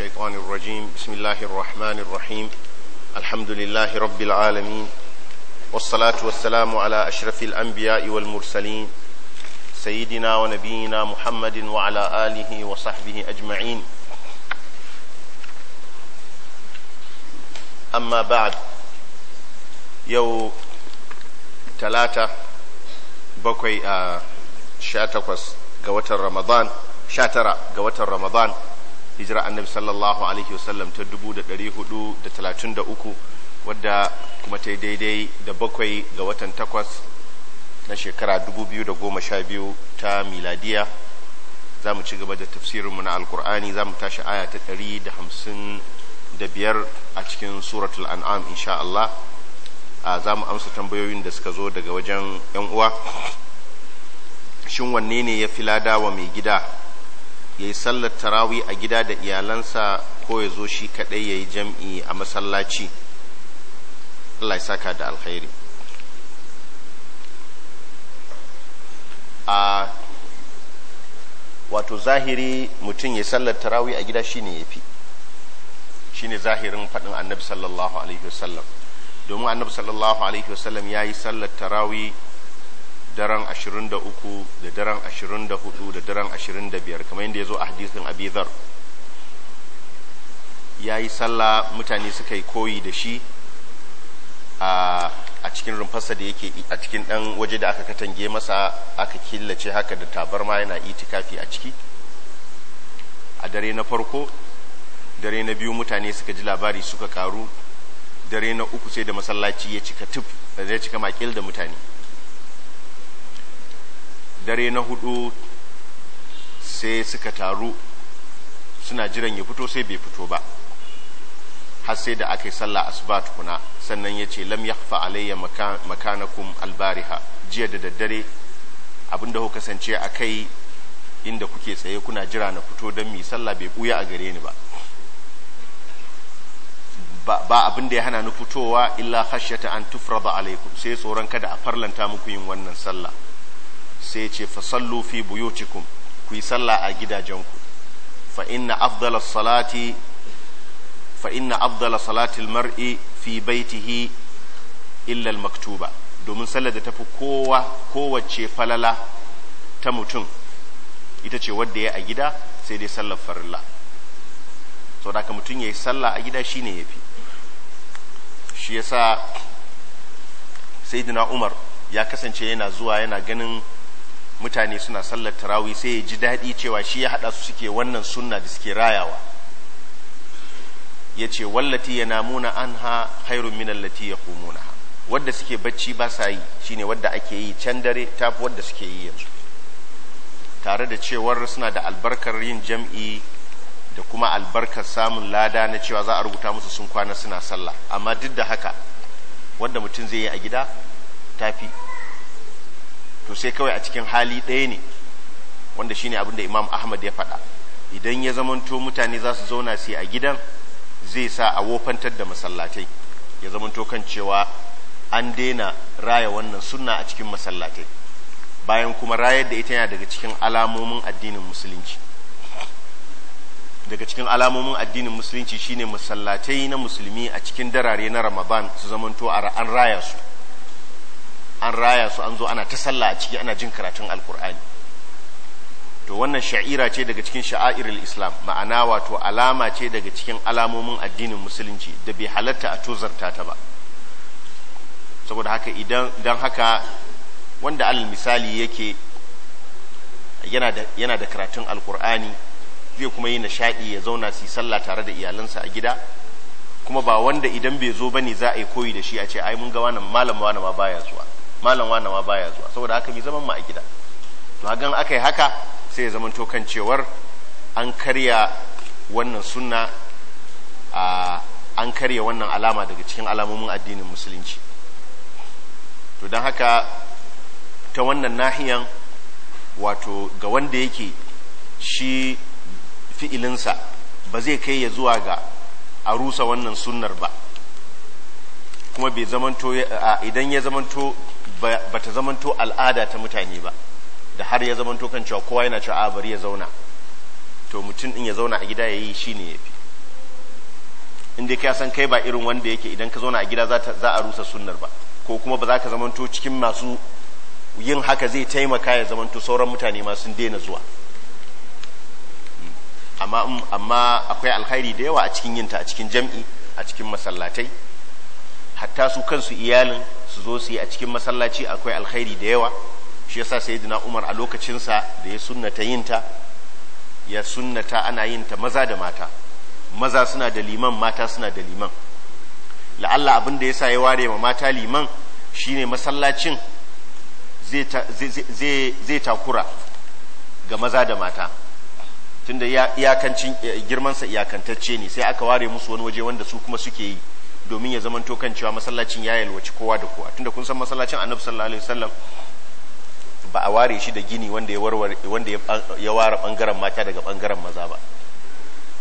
الشيطان الرجيم بسم الله الرحمن الرحيم الحمد لله رب العالمين والصلاة والسلام على أشرف الأنبياء والمرسلين سيدنا ونبينا محمد وعلى آله وصحبه أجمعين أما بعد يو تلاتة بكوي آه، شاتقوس قوة رمضان شاترة قوة رمضان hijira annabi sallallahu alaihi wasallam ta 433 wadda kuma ta daidai da bakwai ga watan takwas na shekara goma sha biyu ta miladiya za mu ci gaba da tafsirinmu na alkur'ani za mu tashi aya ta da da biyar a cikin suratul an'am insha Allah za mu amsa tambayoyin da suka zo daga wajen 'yan uwa shin wanne ne ya fi lada wa mai gida ya yi sallar tarawi a gida da iyalansa ko ya zo shi kaɗai ya yi jam'i a masallaci Allah ya saka da alkhairi a wato zahiri mutum ya sallar tarawi a gida shine ya fi shi ne zahirin faɗin annabi sallallahu alaihi wasallam domin annabi sallallahu alaihi wasallam ya yi sallar tarawi daren 23 da daren 24 da daren 25 kamar yadda ya zo a hadisin abizar ya yi sallah mutane suka yi koyi da shi a cikin rumfarsa da yake a cikin ɗan waje da aka katange masa aka killace haka da tabarma yana itikafi a ciki a dare na farko dare na biyu mutane suka ji labari suka karu dare na uku sai da masallaci ya cika tuf da ya cika makil da mutane dare na hudu sai suka taru suna jiran ya fito sai bai fito ba har sai da aka yi sallah asuba tukuna sannan ya ce lam yakfa alayya makanakum albariha jiya da daddare abinda ku kasance a kai inda kuke tsaye kuna jira na fito don mi sallah bai buya a gare ni ba ba abin da ya hana ni fitowa illa khashyata an ba alaikum sai tsoron kada a farlanta muku yin wannan sallah sai ce fasallu fi buyutikum ku yi sallah a gidajenku fa inna afdala salati fa inna afdala salatil mar'i fi baitihi illa maktuba domin sallar da tafi kowa kowace falala ta mutum ita ce wadda ya a gida sai dai sallar farilla sau da mutum ya yi sallah a gida shine ya fi shi yasa sayyidina umar ya kasance yana zuwa yana ganin mutane suna sallar tarawih sai ya ji daɗi cewa shi ya haɗa su suke wannan sunna da suke rayawa ya ce wallati ya namuna an ha hairun min ya kumuna wadda suke bacci ba sa yi shine wadda ake yi can dare tafi wadda suke yi yanzu tare da cewar suna da albarkar yin jam'i da kuma albarkar samun lada na cewa za a rubuta musu sun kwana suna sallah amma duk da haka wadda mutum zai yi a gida tafi to sai kawai a cikin hali ɗaya ne wanda shine abin da imam ahmad ya faɗa idan ya zamanto mutane za su zauna su a gidan zai sa a wofantar da masallatai ya zamanto kan cewa an daina raya wannan sunna a cikin masallatai bayan kuma rayar da ita yana daga cikin alamomin addinin musulunci daga cikin alamomin addinin musulunci shine masallatai na musulmi a cikin darare na ramadan su zamanto an raya su an raya su an zo ana ta sallah a ciki ana jin karatun alkur'ani to wannan sha'ira ce daga cikin sha'airul islam ma'ana wato alama ce daga cikin alamomin addinin musulunci da bai halatta a tozarta ta ba saboda haka idan dan haka wanda al misali yake yana da yana da karatun alkur'ani zai kuma yi nishadi ya zauna su sallah tare da iyalansa a gida kuma ba wanda idan bai zo bane za a yi koyi da shi a ce ai mun ga wannan malam wani ma baya zuwa malam wani ma baya zuwa saboda haka mi zaman ma a gida to hagan aka yi haka sai ya zamanto kan cewar an karya wannan sunna a an karya wannan alama daga cikin alamomin addinin musulunci to don haka ta wannan nahiyan wato ga wanda yake shi fi'ilinsa ba zai kai ya zuwa ga a rusa wannan sunnar ba kuma bai zamanto idan ya zamanto ba ta zamanto al'ada ta mutane ba da har ya zamanto kan cewa kowa yana cewa a bari ya zauna to mutum in ya zauna a gida ya yi shi ne ya fi inda ka san kai ba irin wanda yake idan ka zauna a gida za a rusa sunnar ba ko kuma ba za ka zamanto cikin masu yin haka zai taimaka ya zamanto sauran mutane ma sun daina zuwa hmm. amma um, amma akwai alkhairi da yawa a cikin yinta a cikin jam'i a cikin masallatai hatta su kansu iyalin su zo su yi a cikin masallaci akwai alkhairi da yawa shi yasa sayyidina Umar a lokacinsa da ya sunnata ta ya sunnata ana yin ta maza da mata maza suna da liman mata suna da liman la'alla abin da yasa ya ware wa mata liman shine masallacin zai takura ga maza da mata tunda iyakancin eh, girmansa iyakantacce ne sai aka ware musu wani waje wanda su kuma suke yi domin ya zamanto kan cewa masallacin ya yalwaci kowa da kowa tunda kun san masallacin annabi sallallahu alaihi wasallam ba a ware shi da gini wanda ya warware wanda ya ware bangaren mata daga bangaren maza ba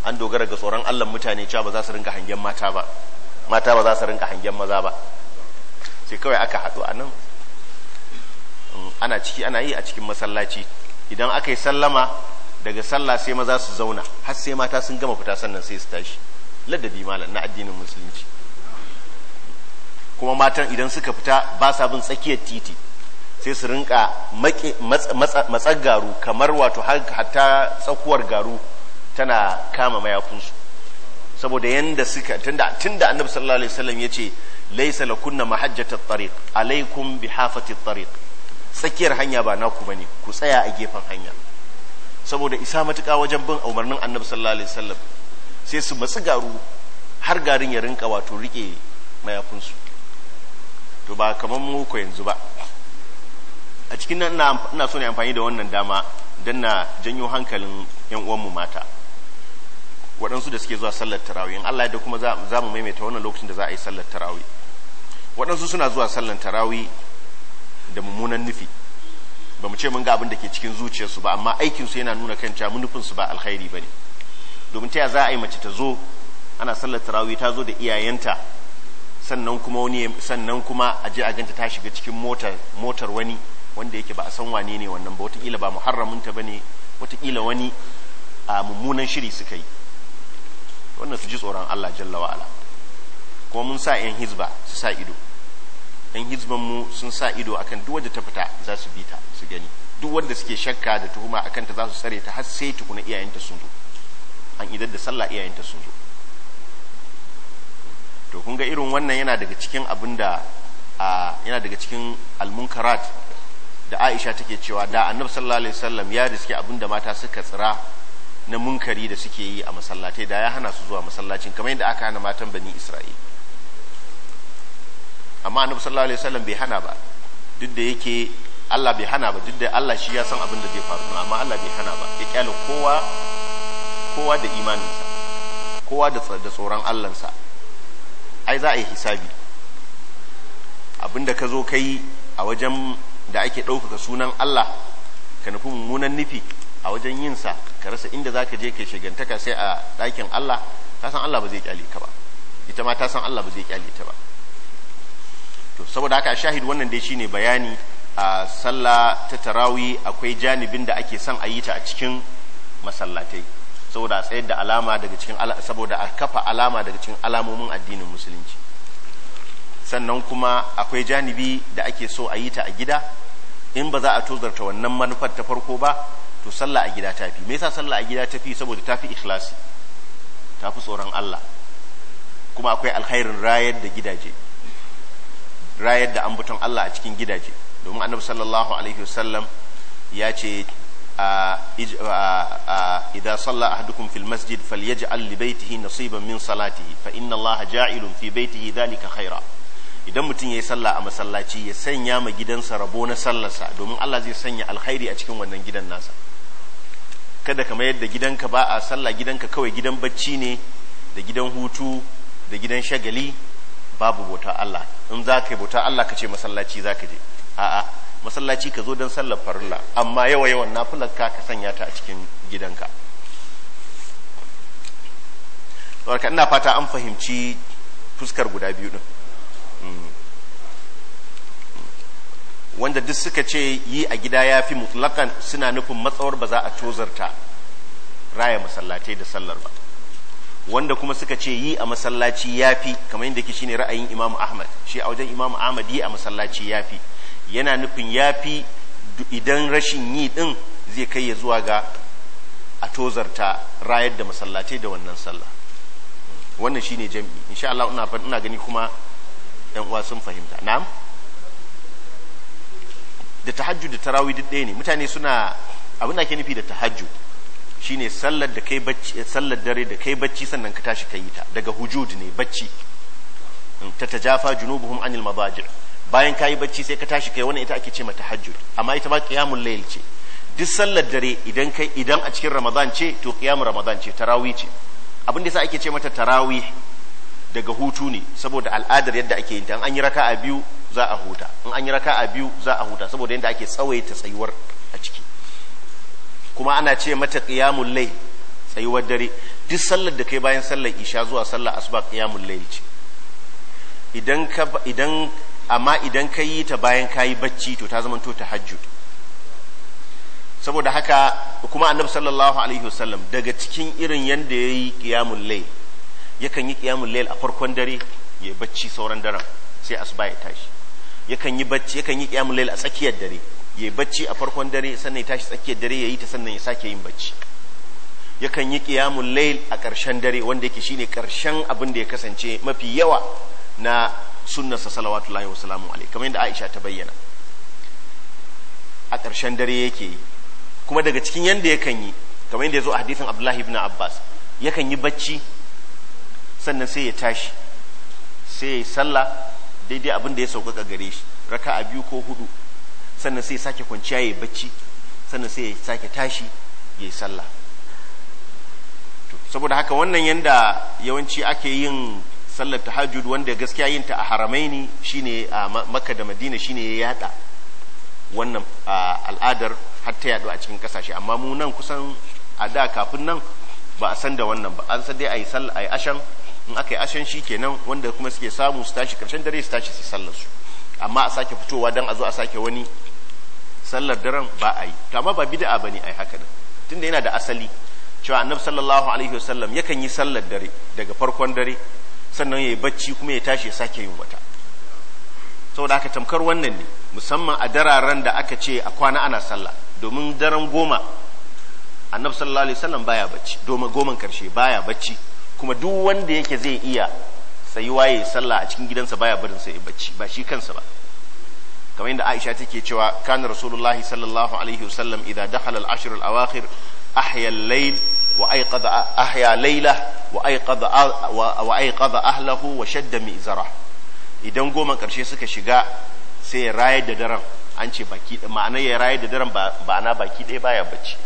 an dogara ga tsoron Allah mutane cewa ba za su rinka hangen mata ba mata ba za su rinka hangen maza ba sai kawai aka haɗu a nan mm, ana ciki ana yi a cikin masallaci idan aka yi sallama daga sallah sai maza su zauna har sai mata sun gama fita sannan sai su tashi ladabi malam na addinin musulunci kuma matan idan suka fita ba sa bin tsakiyar titi sai su rinka matsar garu kamar wato hatta tsakuwar garu tana kama mayafinsu saboda yadda suka tunda tunda annabi sallallahu alaihi wasallam yace laysa lakunna mahajjata at-tariq alaikum bihafati at-tariq tsakiyar hanya ba naku bane ku tsaya a gefen hanya saboda isa matuƙa wajen bin umarnin annabi sallallahu alaihi wasallam sai su matsi garu har garin ya rinka wato rike mayafinsu to ba kamar mu ko yanzu ba a cikin nan ina so ne amfani da wannan dama don na janyo hankalin yan uwan mu mata waɗansu da suke zuwa sallar tarawih in Allah da kuma za mu maimaita wannan lokacin da za a yi sallar tarawih waɗansu suna zuwa sallar tarawih da mummunan nufi ba mu ce mun ga abin da ke cikin zuciyarsu ba amma su yana nuna kan cewa su ba alkhairi ba ne domin ta za a yi mace ta zo ana sallar tarawih ta zo da iyayenta sannan kuma wani sannan kuma a je a ganta ta shiga cikin motar motar wani wanda yake ba a san wane ne wannan ba watakila ba muharramin ta bane watakila wani a mummunan shiri suka yi wannan su ji tsoron Allah jalla wa ala kuma mun sa yan hizba su sa ido yan hizban mu sun sa ido akan duk wanda ta fita za su bi ta su gani duk wanda suke shakka da tuhuma akan ta za su tsare ta har sai tukuna iyayenta sun zo an idar da sallah iyayenta sun zo to kun ga irin wannan yana daga cikin abin da yana daga cikin almunkarat da aisha take cewa da annabi sallallahu alaihi wasallam ya riske abin da mata suka tsira na munkari da suke yi a masallatai da ya hana su zuwa masallacin kamar yadda aka hana matan bani isra'il amma annabi sallallahu alaihi wasallam bai hana ba duk da yake Allah bai hana ba duk da Allah shi ya san abin da zai faru amma Allah bai hana ba ya kyale kowa kowa da imaninsa kowa da tsoron Allahnsa ai za a yi hisabi abinda ka zo ka yi a wajen da ake ɗaukaka sunan Allah ka nufi mummunan nufi a wajen yinsa ka rasa inda za ka je ka shigantaka sai a ɗakin Allah ta san Allah ba zai kyale ka ba ita ma ta san Allah ba zai kyale ta ba to saboda haka shahid wannan dai shine bayani a sallah ta tarawi akwai janibin da ake son a yi ta a cikin masallatai saboda a tsayar da alama daga cikin saboda a kafa alama daga cikin alamomin addinin musulunci sannan kuma akwai janibi da ake so a yi ta a gida in ba za a tozarta wannan manufar ta farko ba to sallah a gida tafi me yasa sallah a gida tafi saboda tafi ikhlasi tafi tsoron Allah kuma akwai alkhairin rayar da gidaje rayar da ambaton Allah a cikin gidaje domin annabi sallallahu alaihi wasallam ya ce إذا صلى أحدكم في المسجد فليجعل لبيته نصيبا من صلاته فإن الله جاعل في بيته ذلك خيرا idan mutum ya yi sallah a masallaci ya sanya ma gidansa rabo na sallarsa domin Allah zai sanya alkhairi a cikin wannan gidan nasa kada mayar yadda gidanka ba a sallah gidanka kawai gidan bacci ne da gidan hutu da gidan shagali babu bauta Allah in za ka yi bauta Allah ka ce masallaci za ka je a'a masallaci ka zo don sallar farilla amma yawa yawan nafilar ka ka sanya ta a cikin gidanka warka ina fata an fahimci fuskar guda biyu din mm. wanda duk suka ce yi a gida ya fi mutlakan suna nufin matsawar ba za a tozarta raya masallatai da sallar ba wanda kuma suka ce yi a masallaci ya fi kamar yadda ke shine ra'ayin imamu ahmad shi a wajen imamu ahmad yi a masallaci ya fi yana nufin ya fi idan rashin yi ɗin zai kai ya zuwa ga a tozarta rayar da masallatai da wannan sallah wannan shine jam'i insha Allah ina ina gani kuma yan uwa sun fahimta na'am da tahajjud da tarawih duk ɗaya ne mutane suna abin da ke nufi da tahajjud shine sallar da kai bacci sallar dare da kai bacci sannan ka tashi kai ta daga hujud ne bacci ta tajafa junubuhum anil madaji' bayan kayi bacci sai ka tashi kai wannan ita ake ce mata tahajjud amma ita ma qiyamul layl ce duk sallar dare idan kai idan a cikin ramadan ce to qiyamul ramadan ce tarawih ce abin da yasa ake ce mata tarawih daga hutu ne saboda al'adar yadda ake yin ta an yi raka'a biyu za a huta in an yi raka'a biyu za a huta saboda yadda ake tsawaita tsayuwar a ciki kuma ana ce mata qiyamul layl tsayuwar dare duk sallar da kai bayan sallar isha zuwa sallar asuba qiyamul layl ce idan ka idan amma idan ka yi ta bayan ka yi bacci to ta zamanto ta hajju saboda haka kuma annab sallallahu alaihi wasallam daga cikin irin yanda ya yi ƙiyamun lai yakan yi ƙiyamun lai a farkon dare ya bacci sauran daren sai asuba ya tashi yakan yi bacci yakan yi ƙiyamun lai a tsakiyar dare ya bacci a farkon dare sannan ya tashi tsakiyar dare ya yi ta sannan ya sake yin bacci yakan yi ƙiyamun lai a ƙarshen dare wanda yake shine ƙarshen abin da ya kasance mafi yawa na sunnarsa salawatullahi wa salamu alaihi kamar yadda Aisha ta bayyana a ƙarshen dare yake yi kuma daga cikin yadda yakan yi kamar yadda ya zo a hadisin Abdullahi ibn Abbas yakan yi bacci sannan sai ya tashi sai ya sallah daidai abin da ya sauƙaƙa gare shi raka a biyu ko hudu sannan sai ya sake kwanciya ya bacci sannan sai ya sake tashi ya yi sallah saboda haka wannan yanda yawanci ake yin sallar tahajjud wanda gaskiya yin ta a haramaini shine a makka da madina shine ya yada wannan al'adar har ta yadu a cikin kasashe amma mu nan kusan a da kafin nan ba a san da wannan ba an san dai sallar a yi ashan in aka yi ashen shi kenan wanda kuma suke samu su tashi karshen dare su tashi su sallar su amma a sake fitowa dan a zo a sake wani sallar daren ba a yi to amma ba ne a yi haka din tunda yana da asali cewa annabi sallallahu alaihi wasallam yakan yi sallar dare daga farkon dare sannan ya yi bacci kuma ya tashi ya sake yin wata saboda aka tamkar wannan ne musamman a dararen da aka ce a kwana ana sallah domin daren goma annabi sallallahu alaihi wasallam baya bacci domin goman karshe baya bacci kuma duk wanda yake zai iya tsayuwa ya sallah a cikin gidansa baya barin sai bacci ba shi kansa ba kamar yadda Aisha take cewa kana rasulullahi sallallahu alaihi wasallam idza dakhala al-ashr al-awakhir ahya al-layl wa aiqadha ahya layla wa aiqadha wa aiqadha ahlahu wa shadda mizara idan goma karshe suka shiga sai ya rayar da daren an ce baki ma'ana ya rayar da daren ba na baki ɗaya baya bacci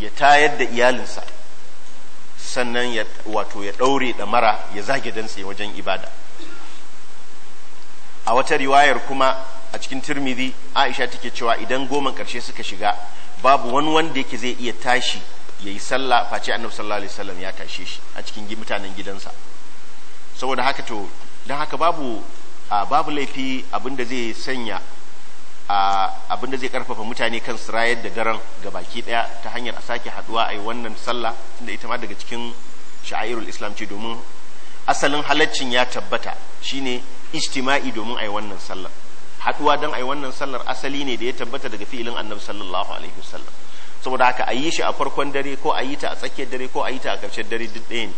ya tayar da iyalinsa sannan ya wato ya ɗaure mara ya zage dansa wajen ibada a wata riwayar kuma a cikin turmidi aisha take cewa idan goma ƙarshe suka shiga babu wani wanda yake zai iya tashi ya yi sallah face annabi sallallahu alaihi wasallam ya tashe shi a cikin mutanen gidansa saboda haka to don haka babu babu laifi abinda zai sanya abinda zai karfafa mutane kan su rayar da daren ga baki daya ta hanyar a sake haduwa a yi wannan sallah tunda ita ma daga cikin sha'irul islam ce domin asalin halaccin ya tabbata shine ijtima'i domin a yi wannan sallar haduwa don a yi wannan sallar asali ne da ya tabbata daga fi'ilin annabi sallallahu alaihi wasallam saboda haka a yi shi a farkon dare ko a yi ta a tsakiyar dare ko a yi ta a ƙarshen dare duk ɗaya ne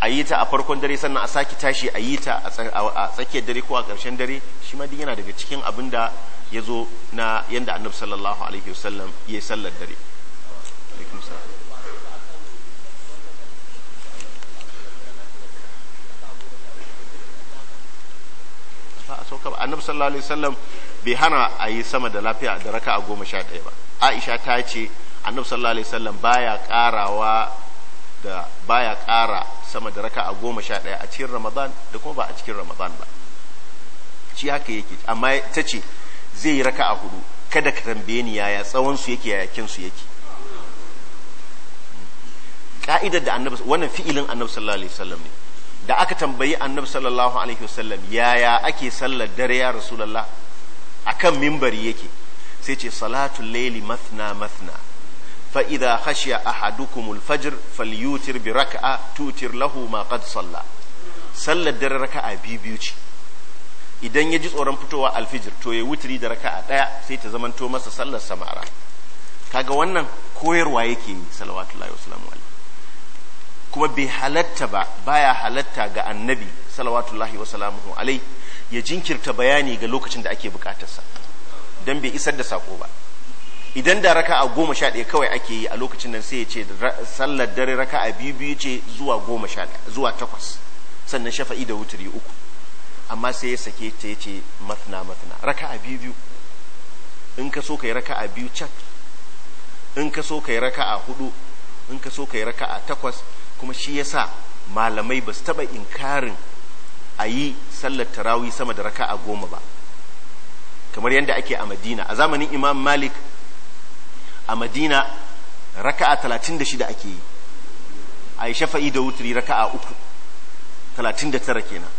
a yi ta a farkon dare sannan a sake tashi a yi ta a tsakiyar dare ko a ƙarshen dare shi ma duk yana daga cikin abin da ya zo na yadda annabi sallallahu alaihi wasallam ya yi sallar dare annabi sallallahu alaihi wasallam bai hana a yi sama da lafiya da raka a goma sha ɗaya ba aisha ta ce annabi sallallahu alaihi wasallam baya karawa da baya kara sama da raka'a goma sha ɗaya a cikin ramadan da kuma ba a cikin ramadan ba shi haka yake amma ta ce zai yi raka'a hudu kada ka tambaye ni yaya tsawon su yake yaya kin su yake ka'idar da annabi wannan fi'ilin annabi sallallahu alaihi wasallam ne da aka tambayi annabi sallallahu alaihi wasallam yaya ake sallar dare ya rasulullah akan mimbari yake sai ce salatu laili mathna mathna fa idha khashiya ahadukum al-fajr falyutir bi rak'a tutir lahu ma qad salla sallar dare raka'a biyu ce idan ya ji tsoron fitowa alfijir to ya wutiri da raka'a daya sai ta zamanto masa sallar samara kaga wannan koyarwa yake yi salawatullahi Salamu kuma bai halatta ba baya halatta ga annabi salawatullahi Salamu alaihi ya jinkirta bayani ga lokacin da ake bukatarsa don bai isar da sako ba idan da raka'a goma sha ɗaya kawai ake yi a lokacin nan sai ya ce sallar dare raka'a biyu biyu ce zuwa goma sha ɗaya zuwa takwas sannan shafa'i da wuturi uku amma sai ya sake ta ya ce mafina mafina raka'a biyu biyu in ka so ka yi raka'a biyu cak in ka so ka yi raka'a hudu in ka so ka yi raka'a takwas kuma shi ya sa malamai ba su taɓa inkarin a yi sallar tarawi sama da raka'a goma ba kamar yadda ake a madina a zamanin imam malik a madina raka'a 36 ake yi a yi shafa'i da wuturi raka'a uku 39 kenan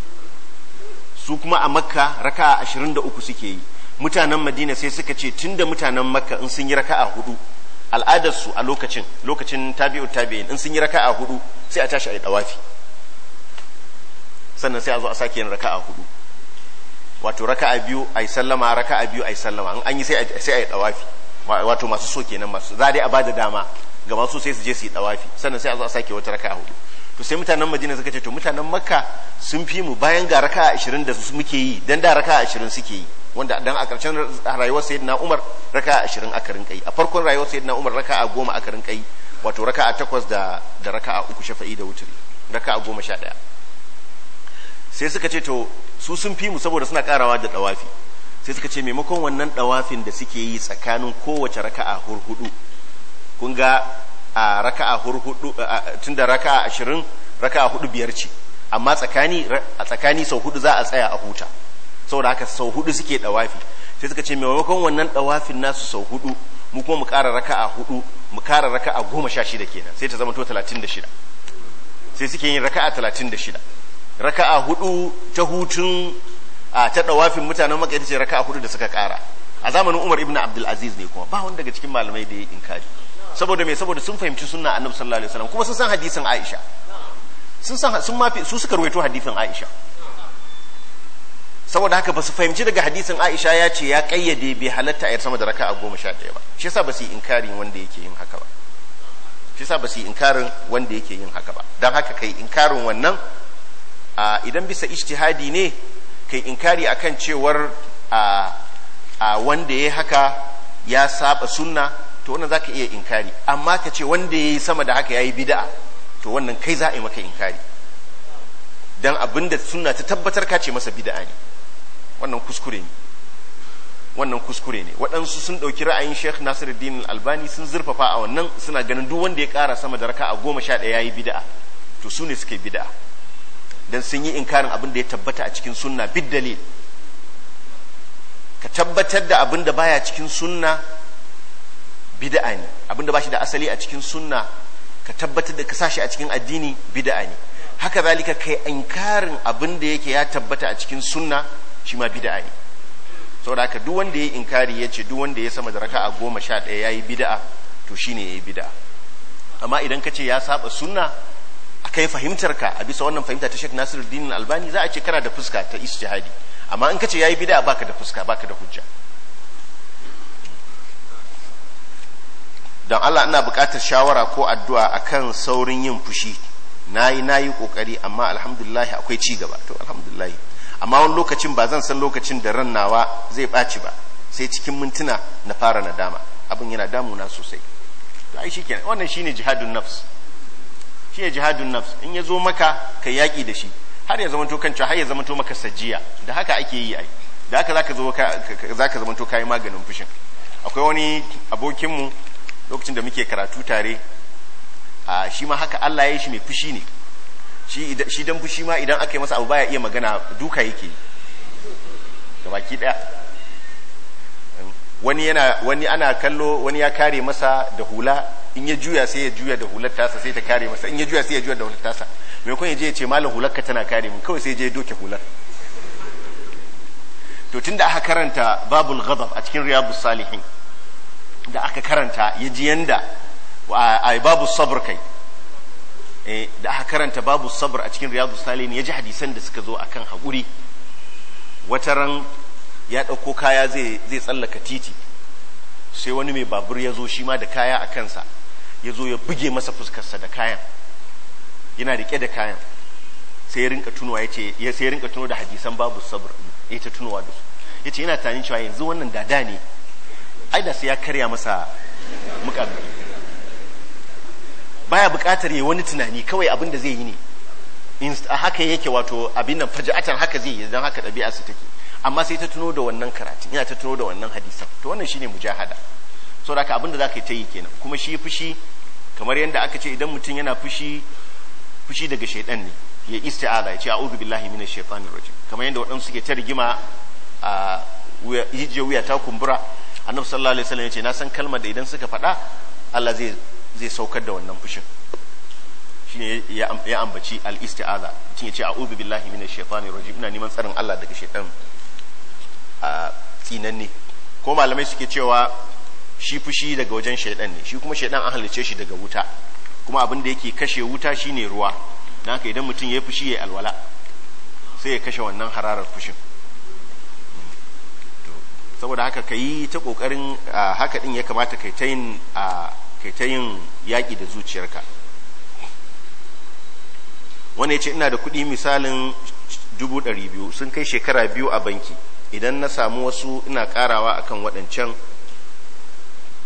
su kuma a makka raka'a 23 suke yi mutanen madina sai suka ce tun da mutanen makka in sun yi raka'a 4 al'adarsu a lokacin lokacin tabi'u tabi'in in sun yi raka'a 4 sai a tashi a yi dawafi sannan sai a zo a sake yin raka'a hudu wato raka a biyu yi sallama raka a biyu yi sallama an yi sai a yi dawafi wato masu so kenan masu za dai a bada dama ga masu sai su je su yi dawafi sannan sai a zo a sake wata a hudu to sai mutanen Madina suka ce to mutanen Makka sun fi mu bayan ga raka a ashirin da su muke yi dan da raka a ashirin suke yi wanda dan a karshen rayuwar na Umar raka a ashirin aka rinka yi a farkon rayuwar na Umar raka a goma aka rinka yi wato raka a takwas da da a uku shafa'i da raka a goma sha ɗaya sai suka ce to su sun fi mu saboda suna karawa da dawafi sai suka ce maimakon wannan dawafin da suke yi tsakanin kowace raka'a hurhudu kun ga a raka'a hurhudu tunda raka'a ashirin raka'a hudu biyar ce amma tsakani a tsakani sau hudu za a tsaya a huta saboda haka sau hudu suke dawafi sai suka ce maimakon wannan dawafin nasu sau hudu mu kuma mu kara raka'a hudu mu kara raka'a goma sha shida kenan sai ta zama to talatin da shida sai suke yin raka'a talatin da shida raka'a hudu ta hutun a ta dawafin mutanen maka ita ce raka'a hudu da suka kara a zamanin umar ibn abdul aziz ne kuma ba wani daga cikin malamai da ya inkari saboda me saboda sun fahimci sunna annabi sallallahu alaihi wasallam kuma sun san hadisin aisha sun san sun mafi su suka ruwaito hadisin aisha saboda haka ba su fahimci daga hadisin aisha ya ce ya kayyade bai halatta a yar sama da raka'a goma sha ɗaya ba shi yasa ba su yi inkarin wanda yake yin haka ba shi yasa ba su yi inkarin wanda yake yin haka ba don haka kai inkarin wannan idan bisa ishtihadi ne kai inkari akan cewar wanda ya haka ya saba sunna to wannan zaka iya inkari amma ka ce wanda yayi sama da haka yayi bid'a to wannan kai za a yi maka inkari dan abinda sunna ta tabbatar ka ce masa bid'a ne wannan kuskure ne wannan kuskure ne waɗansu sun ɗauki ra'ayin sheikh nasiruddin albani sun zurfafa a wannan suna ganin duk wanda ya ƙara sama da raka a goma sha ɗaya ya yi bida'a to su ne suke bida'a dan sun yi inkarin abin da ya tabbata a cikin sunna bid dalil ka tabbatar da abin da baya cikin sunna bid'a ne abin da bashi da asali a cikin sunna ka tabbatar da ka sashi a cikin addini bid'a ne haka zalika kai inkarin abin da yake ya tabbata a cikin sunna shi ma bid'a ne saboda haka duk wanda yayi inkari ce duk wanda ya sama da raka'a goma sha ɗaya yayi bid'a to shine yayi bid'a amma idan ka ce ya saba sunna kai fahimtar ka a bisa wannan fahimta ta Sheikh Nasiruddin Albani za a ce kana da fuska ta istihadi amma in kace yayi bid'a baka da fuska baka da hujja don Allah ina buƙatar shawara ko addu'a akan saurin yin fushi nayi nayi kokari amma alhamdulillah akwai ci gaba to alhamdulillah amma wani lokacin ba zan san lokacin da ran nawa zai baci ba sai cikin mintuna na fara nadama abin yana damuna sosai to ai shikenan wannan shine jihadun nafs shi jihadun nafs in ya zo maka ka yaki da shi har ya to kan har ya to maka sajiya da haka ake yi ai da haka zaka zo zaka zamanto kai maganin fushin akwai wani abokin mu lokacin da muke karatu tare a shi ma haka Allah ya yi shi mai fushi ne shi shi dan fushi ma idan aka yi masa abu baya iya magana duka yake gabaki daya wani yana wani ana kallo wani ya kare masa da hula in ya juya sai ya juya da hular tasa sai ta kare masa in ya juya sai ya juya da hular tasa maimakon ya je ya ce malam hular ka tana kare mun kawai sai je ya doke hular to tunda aka karanta babul ghadab a cikin riyadus salihin da aka karanta ya ji yanda a babu sabr kai eh, da aka karanta babu sabr a cikin riyadus salihin ya ji hadisan da suka zo akan wata ran ya dauko kaya zai tsallaka titi sai wani mai babur ya zo shi ma da kaya a kansa ya zo ya buge masa fuskarsa da kayan yana rike da kayan sai ya rinka tunowa ya ce sai ya rinka tuno da hadisan babu sabr yace ta tunowa da su ya ce yana tunanin cewa yanzu wannan dada ne ai da sai ya karya masa mukan baya buƙatar yayi wani tunani kawai abin da zai yi ne a haka yake wato abin nan faja'atan haka zai yi dan haka ɗabi'a su take amma sai ta tuno da wannan karatu yana ta tuno da wannan hadisan to wannan shine mujahada saboda ka abinda zaka ta yi kenan kuma shi fushi kamar yadda aka ce idan mutum yana fushi fushi daga shaidan ne ya isti'aza ya ce a'udhu billahi minash shaitanir rajim kamar yadda waɗansu suke ta rigima a jijiya wuya ta kumbura annabi sallallahu alaihi wasallam ya ce na san kalmar da idan suka faɗa Allah zai zai saukar da wannan fushin shine ya ambaci al-isti'aza mutum ya ce a'udhu billahi minash shaitanir rajim ina neman tsarin Allah daga shaitan a tsinanne ko malamai suke cewa shi fushi daga wajen shaidan ne shi kuma shaidan an halice shi daga wuta kuma abin da yake kashe wuta shine ruwa na haka idan mutum ya yi fushi ya alwala sai ya kashe wannan hararar fushin saboda haka ka yi ta kokarin haka din ya kamata kai ta yin yin yaƙi da zuciyarka wani ya ce ina da kuɗi misalin dubu ɗari biyu sun kai shekara biyu a banki idan na samu wasu ina ƙarawa akan waɗancan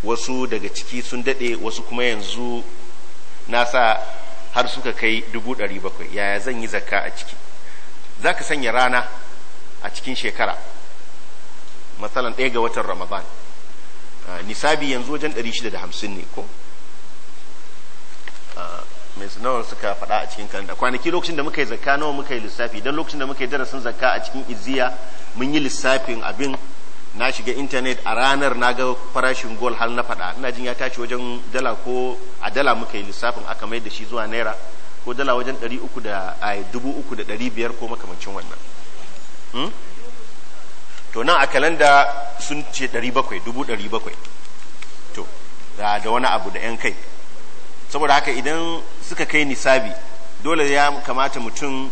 wasu daga ciki sun daɗe wasu kuma yanzu nasa har suka kai dubu ɗari bakwai yaya zan yi zakka a ciki za ka sanya rana a cikin shekara matsalan ɗaya ga watan ramadan nisabi yanzu wajen ɗari shida da hamsin ne ko mai nawa suka faɗa a cikin kalanda kwanaki lokacin da muka yi zakka nawa muka yi lissafi don lokacin da muka yi darasin zakka a cikin izziya mun yi lissafin abin na shiga intanet a ranar na ga farashin gol hal na faɗa ina jin ya tashi wajen dala ko a dala muka yi lissafin aka mai da shi zuwa naira ko dala wajen ɗari uku da dubu uku da ɗari biyar ko makamancin wannan hmm? to nan a kalanda sun ce ɗari bakwai dubu ɗari bakwai to da wani abu da yan kai saboda haka idan suka kai nisabi dole ya kamata mutum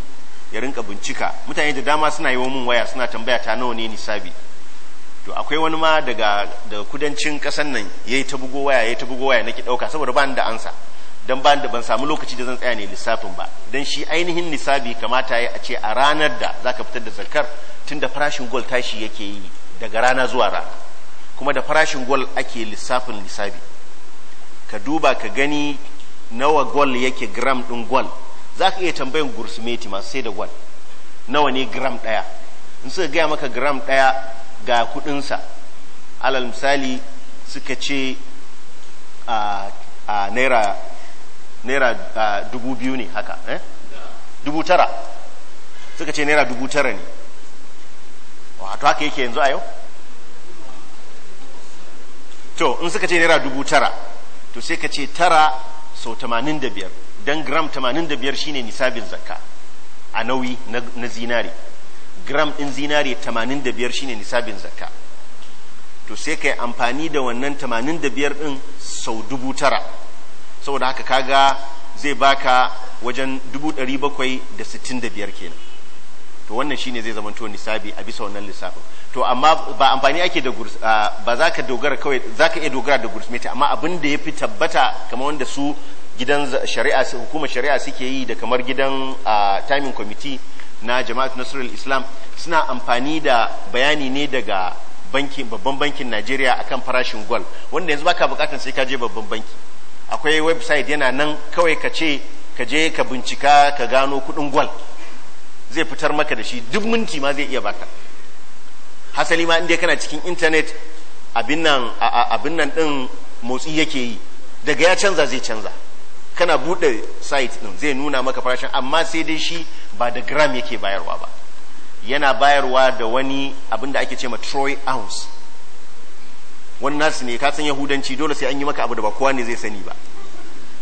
ya rinka bincika mutane da dama suna yi wa mun waya suna tambaya ta nawa ne nisabi to akwai wani ma daga daga kudancin kasan nan yayi ta bugo waya yayi ta bugo waya nake dauka saboda ba da ansa dan ba da ban samu lokaci da zan tsaya ne lissafin ba dan shi ainihin nisabi kamata ya ce a ranar da zaka fitar da zakar tunda farashin gol tashi yake yi daga rana zuwa rana kuma da farashin gol ake lissafin nisabi ka duba ka gani nawa gol yake gram din gol zaka iya tambayin gursumeti masu sai da gol nawa ne gram ɗaya in suka gaya maka gram ɗaya. ga kudinsa alal misali suka ce a naira naira dubu biyu ne haka eh? dubu tara suka ce naira dubu tara ne wato haka yake yanzu a yau to in suka ce naira dubu tara to sai ka ce tara sau tamanin da biyar don gram tamanin da biyar shine nisabin zakka a nauyi na zinari gram ɗin zinari 85 shine nisabin zakka to sai ka yi amfani da wannan 85 ɗin sau dubu tara saboda haka kaga zai baka wajen biyar kenan to wannan shine zai zama to nisabi a bisa wannan lissafin to amma ba amfani ake da gurs ba za ka dogara kawai za ka iya dogara da gursmeti amma abin da ya fi tabbata kamar wanda su gidan shari'a hukumar shari'a suke yi da kamar gidan timing committee na jama'at nasarar islam suna amfani da bayani ne daga bankin babban bankin najeriya akan farashin gwal wanda yanzu baka bukatan sai ka je babban banki akwai website yana nan kawai ka ce ka je ka bincika ka gano kudin gwal zai fitar maka da shi duk minti ma zai iya baka hasali ma inda kana cikin intanet abin nan din motsi yake yi daga ya canza zai canza kana bude site din zai nuna maka farashin amma sai dai shi ba da gram yake bayarwa ba yana bayarwa da wani abin ake ce ma troy ounce wani nasu ne ka san yahudanci dole sai an yi maka abu da ba kowa ne zai sani ba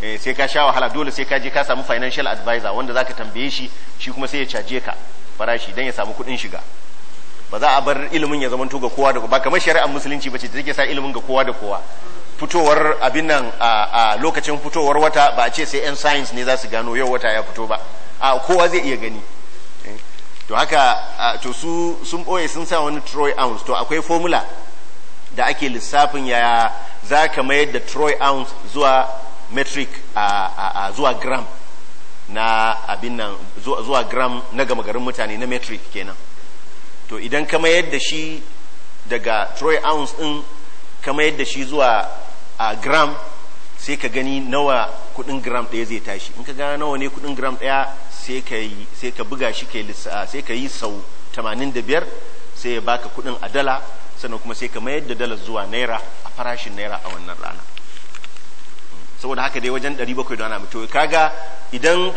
eh, sai ka sha wahala dole sai ka je ka samu financial advisor wanda zaka tambaye shi shi kuma sai ya caje ka farashi don ya samu kuɗin shiga ba za a bar ilimin ya zamanto ga kowa da kowa ba kamar shari'ar musulunci bace da take sa ilimin ga kowa da kowa fitowar abin nan a lokacin fitowar wata ba a ce sai yan science ne za su gano yau wata ya fito ba a kowa zai iya gani to haka to su sun boye sun sa wani troy ounce to akwai formula da ake lissafin ya za ka mayar da troy ounce zuwa metric zuwa gram na abin nan zuwa gram na gama garin mutane na metric kenan to idan ka mayar da shi daga troy ounce din ka mayar da shi zuwa gram sai ka gani nawa kudin gram ɗaya zai tashi in ka gana nawa ne kudin gram ɗaya sai ka buga shi ka buga shi ah, sai ka yi sau 85 sai ya baka kudin a dala sannan kuma sai ka mayar da dala zuwa naira a farashin naira a wannan rana saboda haka dai wajen 700 dana mutuwa kaga idan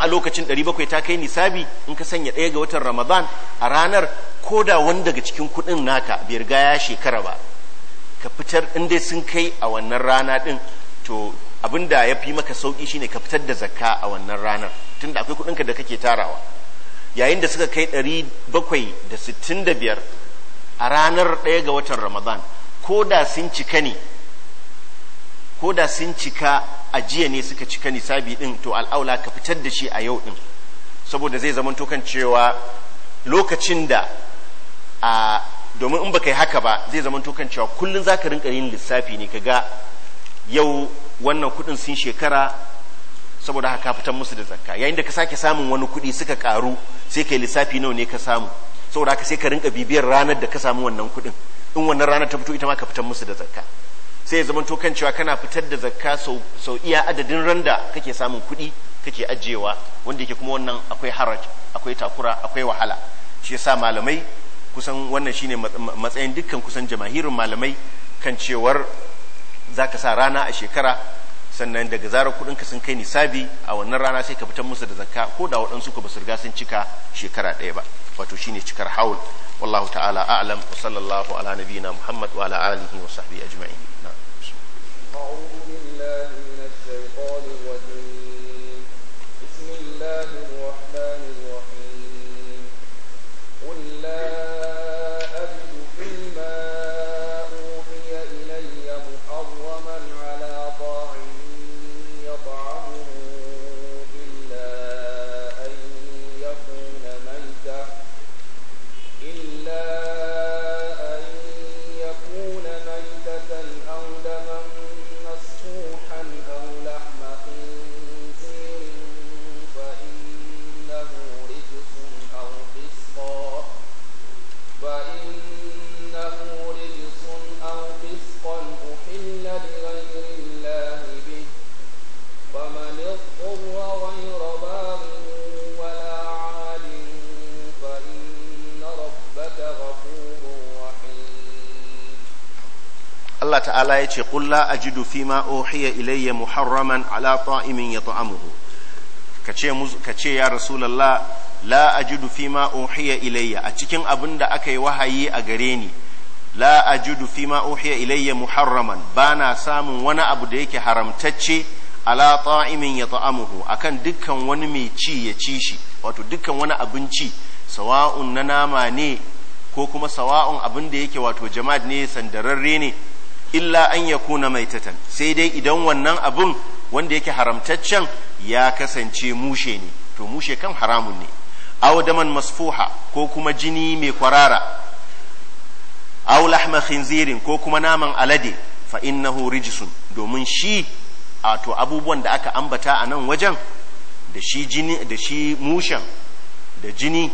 a lokacin 700 ta kai nisabi in ka sanya ɗaya ga watan ramadan a ranar ko da wani daga cikin kudin naka bai riga ya shekara ba ka fitar in dai sun kai a wannan rana din to abin da ya fi maka sauki shine ka fitar da zakka a wannan ranar tunda akwai kuɗinka da kake tarawa yayin da suka kai ɗari bakwai da da sittin biyar a ranar ɗaya ga watan ramadan ko da sun cika ne ko da sun cika a jiya ne suka cika nisabi din to al'aula ka fitar da shi a yau ɗin. saboda zai zama kan cewa lokacin da a domin in baka yi haka ba zai zama kan cewa kullum za ka rinka yin lissafi ne ka ga yau wannan kudin sun shekara saboda haka fitan musu da zakka yayin da ka sake samun wani kudi suka karu sai kai lissafi nawa ne ka samu saboda haka sai ka rinka bibiyar ranar da ka samu wannan kudin in wannan ranar ta fito ita ma ka fitan musu da zakka sai ya zama kan cewa kana fitar da zakka sau iya adadin randa kake samun kuɗi kake ajiyewa wanda yake kuma wannan akwai haraj akwai takura akwai wahala shi yasa malamai kusan wannan shine matsayin dukkan kusan jama'irin malamai kan cewar za ka sa rana a shekara sannan daga zarar ka sun kai nisabi a wannan rana sai ka fitar musu da zakka ko da waɗansu ka ba su riga sun cika shekara ɗaya ba wato shine cikar haul wallahu ta'ala a'lam wa sallallahu ala nabiyina muhammad wa ala alihi wa sahbihi ajma'in na'am ta'ala ya ce qul la ajidu fima uhiya ilayya muharraman ala ta'imin yat'amuhu ka ce ya rasulullah la dufi fima uhiya ilayya a cikin abin da aka yi wahayi a gare ni la ajidu fima uhiya ilayya muharraman ba na samun wani abu da yake haramtacce ala ta'imin a kan dukkan wani mai ci ya ci shi wato dukkan wani abinci sawa'un na nama ne ko kuma sawa'un abin da yake wato jama'ad ne sandararre ne illa an yakuna maitatan sai dai idan wannan abun wanda yake haramtaccen ya kasance mushe ne to mushe kan haramun ne aw daman masfuha ko kuma jini mai kwarara aw lahma khinzirin ko kuma naman alade fa innahu rijsun domin shi a to abubuwan da aka ambata a nan wajen da shi jini da shi mushen da jini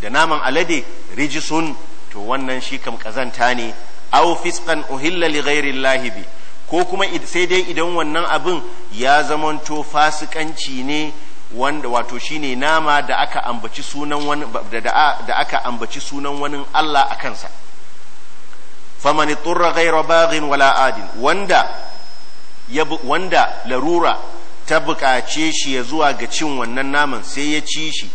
da naman alade rijisun to wannan shi kam kazanta ne aw fisqan uhilla li ghairi llahi bi ko kuma sai dai idan wannan abin ya zamanto fasikanci ne wanda wato shine nama da aka ambaci sunan wani da aka ambaci sunan wani Allah a kansa faman turra ghayra baghin wala adin wanda ya wanda larura ta bukace shi ya zuwa ga cin wannan naman sai ya ci shi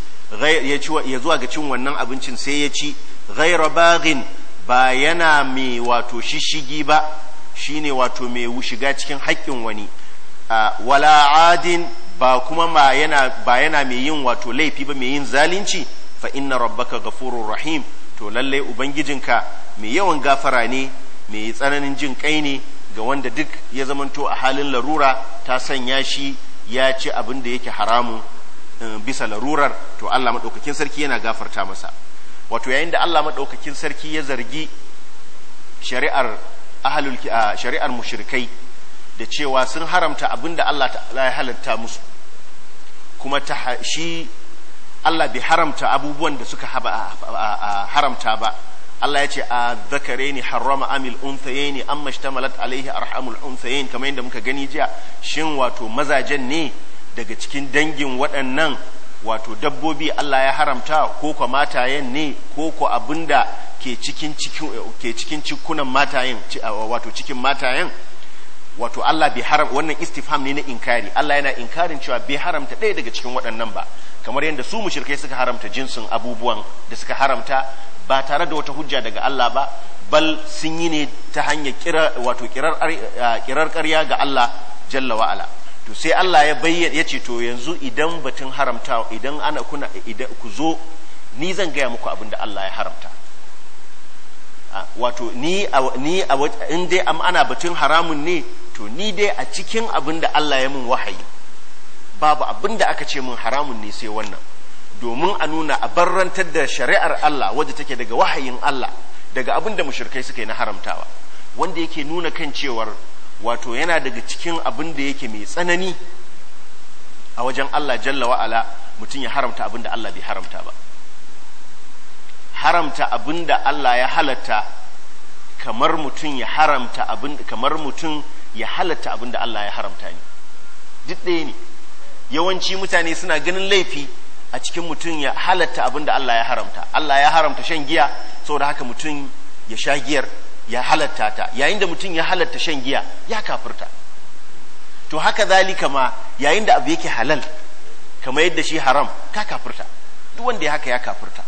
ya zuwa ga cin wannan abincin sai ya ci ghayra baghin ba yana mai wato shishigi ba shine wato mai shiga cikin haƙƙin wani wala adin ba kuma ba yana mai yin wato laifi ba mai yin zalunci fa inna rabbaka ghafurur rahim to lallai ubangijinka mai yawan gafara ne mai tsananin jin kai ne ga wanda duk ya zamanto a halin larura ta sanya shi ya ci abin da yake haramu eh, bisa larurar to Allah maɗaukakin sarki yana gafarta masa wato yayin da Allah maɗaukakin sarki ya zargi shari'ar ahalul shari'ar mushrikai da cewa sun haramta abinda Allah ta'ala ya halatta musu kuma ta shi Allah bai haramta abubuwan da suka haramta ba Allah ya ce a zakare ni harrama amil unthayni amma shtamalat alaihi arhamul unthayni kamar yadda muka gani jiya shin wato mazajen ne daga cikin dangin waɗannan wato dabbobi Allah ya haramta ko kwa matayen ne ko kwa abinda ke cikin cikin cikunan matayen wato cikin matayen wato Allah bai haram wannan istifham ne na inkari Allah yana inkarin cewa bai haramta ɗaya daga cikin waɗannan ba kamar yadda su mushrikai suka haramta jinsin abubuwan da suka haramta ba tare da wata hujja daga Allah ba bal sun yi ne ta hanyar kira wato kirar ƙarya ga Allah jalla wa'ala to sai Allah ya bayyana ya ce to yanzu idan batun haramta idan ana kuna idan ku zo ni zan gaya muku abin da Allah ya haramta wato ni ni in dai am ana batun haramun ne to ni dai a cikin abin da Allah ya min wahayi babu abin da aka ce min haramun ne sai wannan domin a nuna a barrantar da shari'ar Allah wadda take daga wahayin Allah daga abin da mushrikai suka yi na haramtawa wanda yake nuna kan cewar wato yana daga cikin abin da yake mai tsanani a wajen Allah jalla wa'ala mutum ya haramta abin da Allah bai haramta ba haramta abin da Allah ya halatta kamar mutum ya haramta abin kamar mutum ya halatta abin da Allah ya haramta ne duk ɗaya ne yawanci mutane suna ganin laifi a cikin mutum ya halatta abin da Allah ya haramta Allah ya haramta shan giya saboda haka mutum ya sha giyar ya halatta ta yayin da mutum ya halatta shan giya ya kafirta to haka zalika ma yayin da abu yake halal kamar yadda shi haram ka kafirta duk wanda ya haka ya kafirta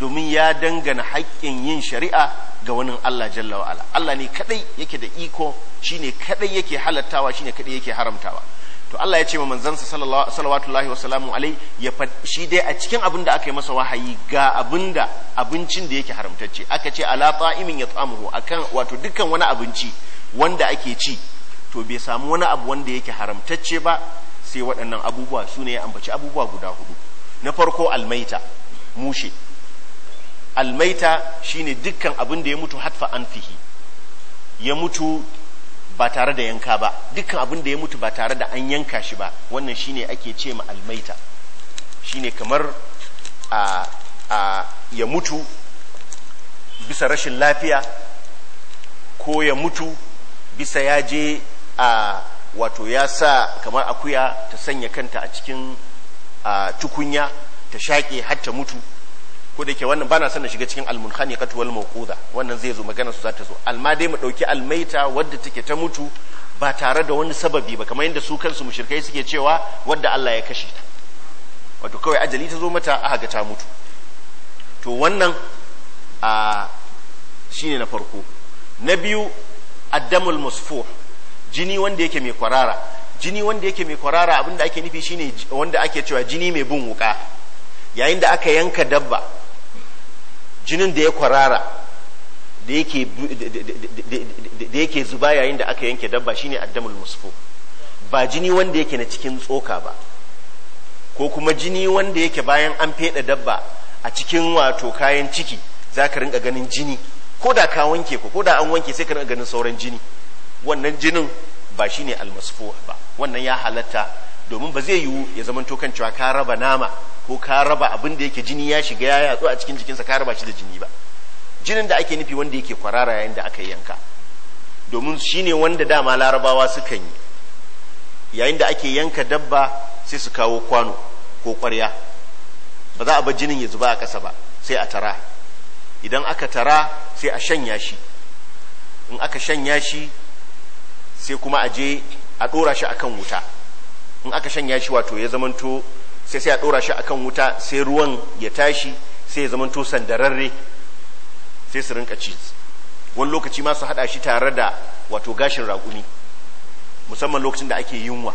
domin ya dangana haƙƙin yin shari'a ga wani Allah jalla wa'ala Allah ne kadai yake da iko shine kadai yake halattawa shine kadai yake haramtawa to Allah ya ce ma manzansa alaihi wa sallam alai ya shi dai a cikin abin da aka yi masa wahayi ga abin da abincin da yake haramtacce aka ce ala ta'imin ya tsamuhu akan wato dukkan wani abinci wanda ake ci to bai samu wani abu wanda yake haramtacce ba sai waɗannan abubuwa su ne ya ambaci abubuwa guda hudu na farko almaita mushe almaita shine dukkan abin da ya mutu hatfa anfihi ya mutu ba tare da yanka ba dukkan abin da ya mutu ba tare da an yanka shi ba wannan shine ake ce ma almaita shine kamar a a ya mutu bisa rashin lafiya ko ya mutu bisa ya je a wato ya sa kamar akuya ta sanya kanta a cikin tukunya ta shaƙe har ta mutu ko da ke wannan bana son na shiga cikin almunkhaniqat wal mawquda wannan zai zo magana su za ta zo alma dai mu dauki almaita wadda take ta mutu ba tare da wani sababi ba kamar yadda su kansu mushrikai suke cewa wadda Allah ya kashe ta wato kawai ajali ta zo mata aka ga ta mutu to wannan a shine na farko na biyu addamul musfuh jini wanda yake mai kwarara jini wanda yake mai kwarara abinda ake nufi shine wanda ake cewa jini mai bin wuka yayin da aka yanka dabba jinin da ya kwarara da yake zuba yayin da aka yanke dabba shine addamul musfu ba jini wanda yake na cikin tsoka ba ko kuma jini wanda yake bayan an feɗa dabba a cikin wato kayan ciki za ka rinka ganin jini ko da ka wanke ko da an wanke sai ka rinka ganin sauran jini wannan jinin ba shine almasfu ba wannan ya halatta domin ba zai yiwu ya zama tokan cewa ka raba nama ko ka raba abin da yake jini ya shiga ya yatsu a cikin jikinsa ka raba shi da jini ba jinin da ake nufi wanda yake kwarara yayin da aka yanka domin shi ne wanda dama larabawa sukan yi yayin da ake yanka dabba sai su kawo kwano ko kwarya ba za a bar jinin ya zuba a kasa ba sai a tara idan aka tara sai a shanya shi in aka shanya shi sai kuma a je a ɗora shi akan wuta in aka shanya shi wato ya zamanto sai sai a dora shi akan wuta sai ruwan ya tashi sai ya zamanto sandararre sai su rinka ci wani lokaci ma su haɗa shi tare da wato gashin raƙumi musamman lokacin da ake yunwa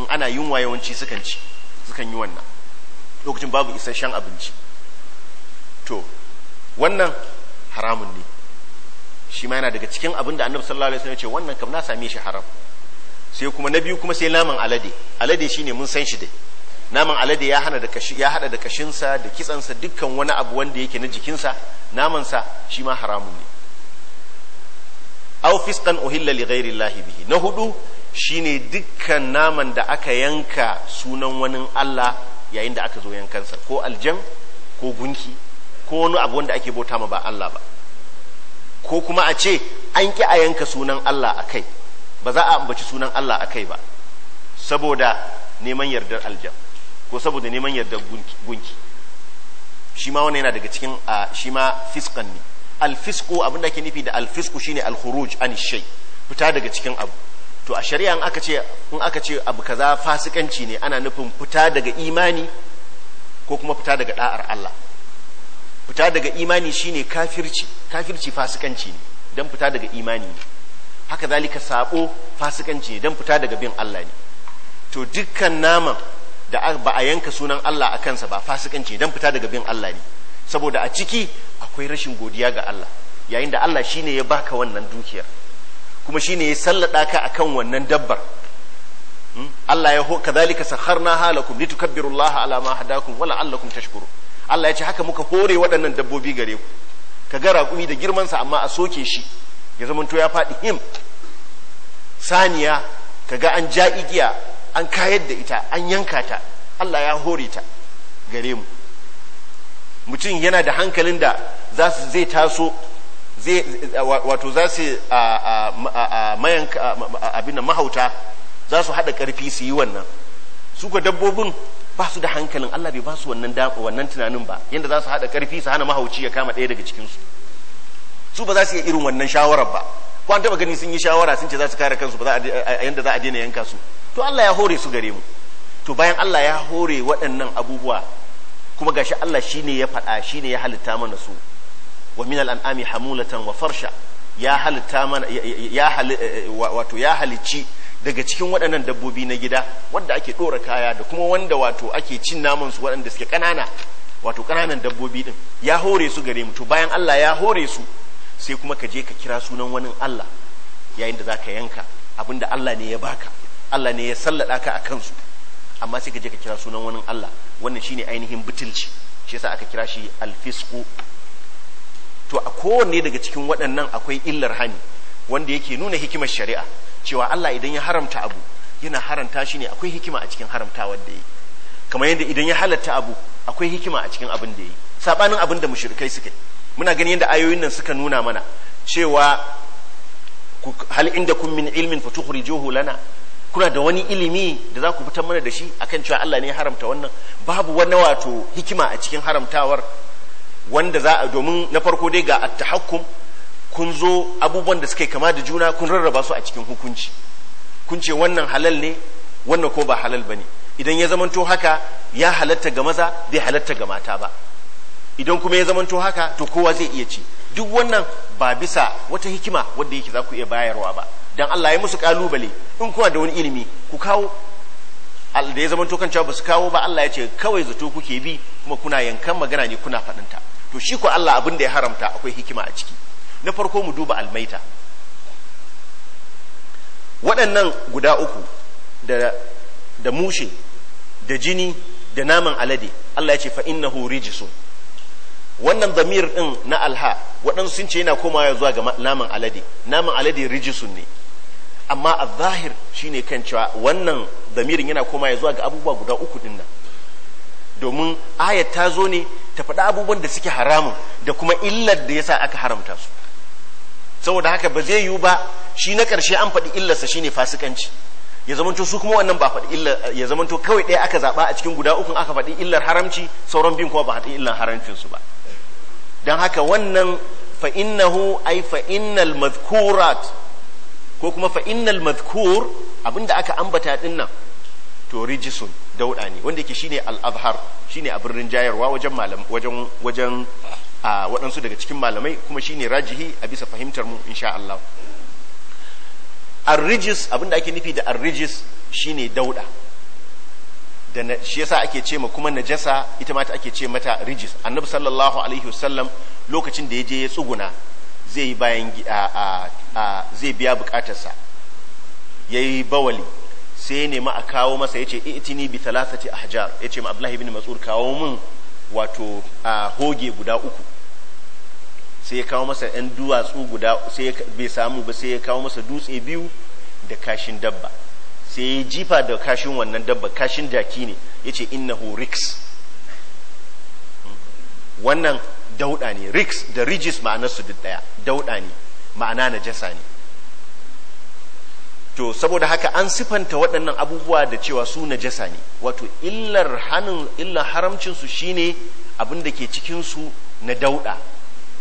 in ana yunwa yawanci sukan ci sukan yi wannan lokacin babu isasshen abinci to wannan haramun ne shi ma yana daga cikin abin da annabi sallallahu alaihi wasallam ya ce wannan kam na same shi haram sai kuma na biyu kuma sai naman alade alade shine mun san shi dai naman alade ya hana da kashi ya hada da kashinsa da kitsansa dukkan wani abu wanda yake na jikinsa namansa shi ma haramun ne aw fisqan uhilla li ghairi llahi bihi na hudu shine dukkan naman da aka yanka sunan wani Allah yayin da aka zo yankansa ko aljan ko gunki ko wani abu wanda ake bauta ma ba Allah ba ko kuma a ce an ki a yanka sunan Allah a kai ba za a ambaci sunan Allah a kai ba saboda neman yardar aljam ko saboda neman yardar gunki shi ma wani yana daga cikin shi ma fiskan ne alfisku abin da ke nufi da alfisku shine alkhuruj an shai fita daga cikin abu to a shari'a in aka ce in aka ce abu kaza fasikanci ne ana nufin fita daga imani ko kuma fita daga da'ar Allah fita daga imani shine kafirci kafirci fasikanci ne dan fita daga imani ne haka zalika sabo fasikanci ne dan fita daga bin Allah ne to dukkan naman da ba a yanka sunan Allah a kansa ba fasikanci ne dan fita daga bin Allah ne saboda a ciki akwai rashin godiya ga Allah yayin da Allah shine ya baka wannan dukiyar kuma shine ya sallada ka akan wannan dabbar hmm? Allah ya ho kadhalika sakharna halakum litukabbirullaha ala ma hadakum wa la'allakum tashkurun Allah ya ce haka muka hore waɗannan dabbobi gare ku ka ga raƙumi da girmansa amma a soke shi ya zamanto ya faɗi him saniya ka ga an ja igiya an kayar da ita an yanka ta Allah ya hore ta gare mu mutum yana da hankalin da za su zai taso zai wato za su mayanka abin mahauta za su haɗa ƙarfi su yi wannan su ga dabbobin ba su da hankalin Allah bai ba su wannan tunanin ba yadda za su haɗa ƙarfi su hana mahauci ya kama ɗaya daga cikinsu su ba za su iya irin wannan shawarar ba ko an taba gani sun yi shawara sun ce za su kare kansu ba yanda za a daina yanka su to Allah ya hore su gare mu to bayan Allah ya hore waɗannan abubuwa kuma gashi Allah shine ya faɗa shine ya halitta mana su wa min al'ami hamulatan wa farsha ya halitta mana ya eh, eh, wato ya halicci daga cikin waɗannan dabbobi na gida wanda ake ɗora kaya da kuma wanda wato ake cin naman su waɗanda suke ƙanana wato ƙananan dabbobi din ya hore su gare mu to bayan Allah ya hore su sai kuma ka je ka kira sunan wani Allah yayin da za ka yanka abinda Allah ne ya baka Allah ne ya sallada ka a kansu amma sai ka je ka kira sunan wani Allah wannan shine ainihin butulci shi yasa aka kira shi alfisku to a kowanne daga cikin waɗannan akwai illar hani wanda yake nuna hikimar shari'a cewa Allah idan ya haramta abu yana haranta shi ne akwai hikima a cikin haramtawar da yi kamar yadda idan ya halatta abu akwai hikima a cikin abin da yi sabanin abin da mushrikai suka yi muna gani yadda ayoyin nan suka nuna mana cewa hal inda kun min ilmin fa tukhrijuhu lana kuna da wani ilimi da za ku fitar mana da shi akan cewa Allah ne ya haramta wannan babu wani wato hikima a cikin haramtawar wanda za a domin na farko dai ga at-tahakkum kun zo abubuwan da suke kama da juna kun rarraba su a cikin hukunci kun ce wannan halal ne wannan ko ba halal bane idan ya zamanto haka ya halatta ga maza bai halatta ga mata ba idan kuma ya zamanto haka to kowa zai iya ci duk wannan ba bisa wata hikima wadda yake za ku iya bayarwa ba dan Allah ya musu kalubale in kuna da wani ilimi ku kawo da ya zamanto kan cewa ba su kawo ba Allah ya ce kawai zato kuke bi kuma kuna yankan magana ne kuna faɗinta to shi ko Allah abin da ya haramta akwai hikima a ciki na farko mu duba almaita waɗannan guda uku da mushe da jini da naman alade Allah ya ce fa innahu rijsun wannan zamir din na alha waɗansu sun ce yana komawa zuwa ga naman alade naman alade rijisun ne amma a zahir shi ne kan cewa wannan zamirin yana komawa zuwa ga abubuwa guda uku din nan domin ayat ta zo ne ta faɗi abubuwan da suke haramun da kuma illar da yasa aka haramta su saboda haka ba zai yiwu ba shi na ƙarshe an faɗi illarsa shine fasikanci ya zamanto su kuma wannan ba faɗi illar ya zamanto kawai ɗaya aka zaɓa a cikin guda ukun aka faɗi illar haramci sauran bin kuma ba haɗi illar haramcin su ba don haka wannan fa'innahu ai fa'innal mazkurat ko kuma fa'innal mazkur abinda aka ambata din to rijisun dauda ne wanda yake shine al-azhar shine a birnin jayarwa wajen malam wajen wajen a waɗansu daga cikin malamai kuma shine rajihi a bisa fahimtar mu insha Allah ar-rijis abinda ake nufi da ar-rijis shine dauda da shi yasa ake ce ma kuma najasa ita ma ta ake ce mata rijis annabi sallallahu alaihi wasallam lokacin da ya je ya tsuguna zai yi bayan zai biya bukatarsa ya yi bawali sai ya nemi a kawo masa ya ce itini bi talatati ahjar ya ce ma abdullahi bin mas'ud kawo mun wato a hoge guda uku sai ya kawo masa yan duwatsu guda sai bai samu ba sai ya kawo masa dutse biyu da kashin dabba sai ya jifa da kashin wannan dabba kashin jaki ne ya ce innahu riks wannan dauda ne riks da ma'anar su duk daya dauda ne ma'ana na jasa ne to saboda haka an sifanta waɗannan abubuwa da cewa su na jasa ne wato illar hannun illar haramcinsu shine abin da ke cikinsu na dauɗa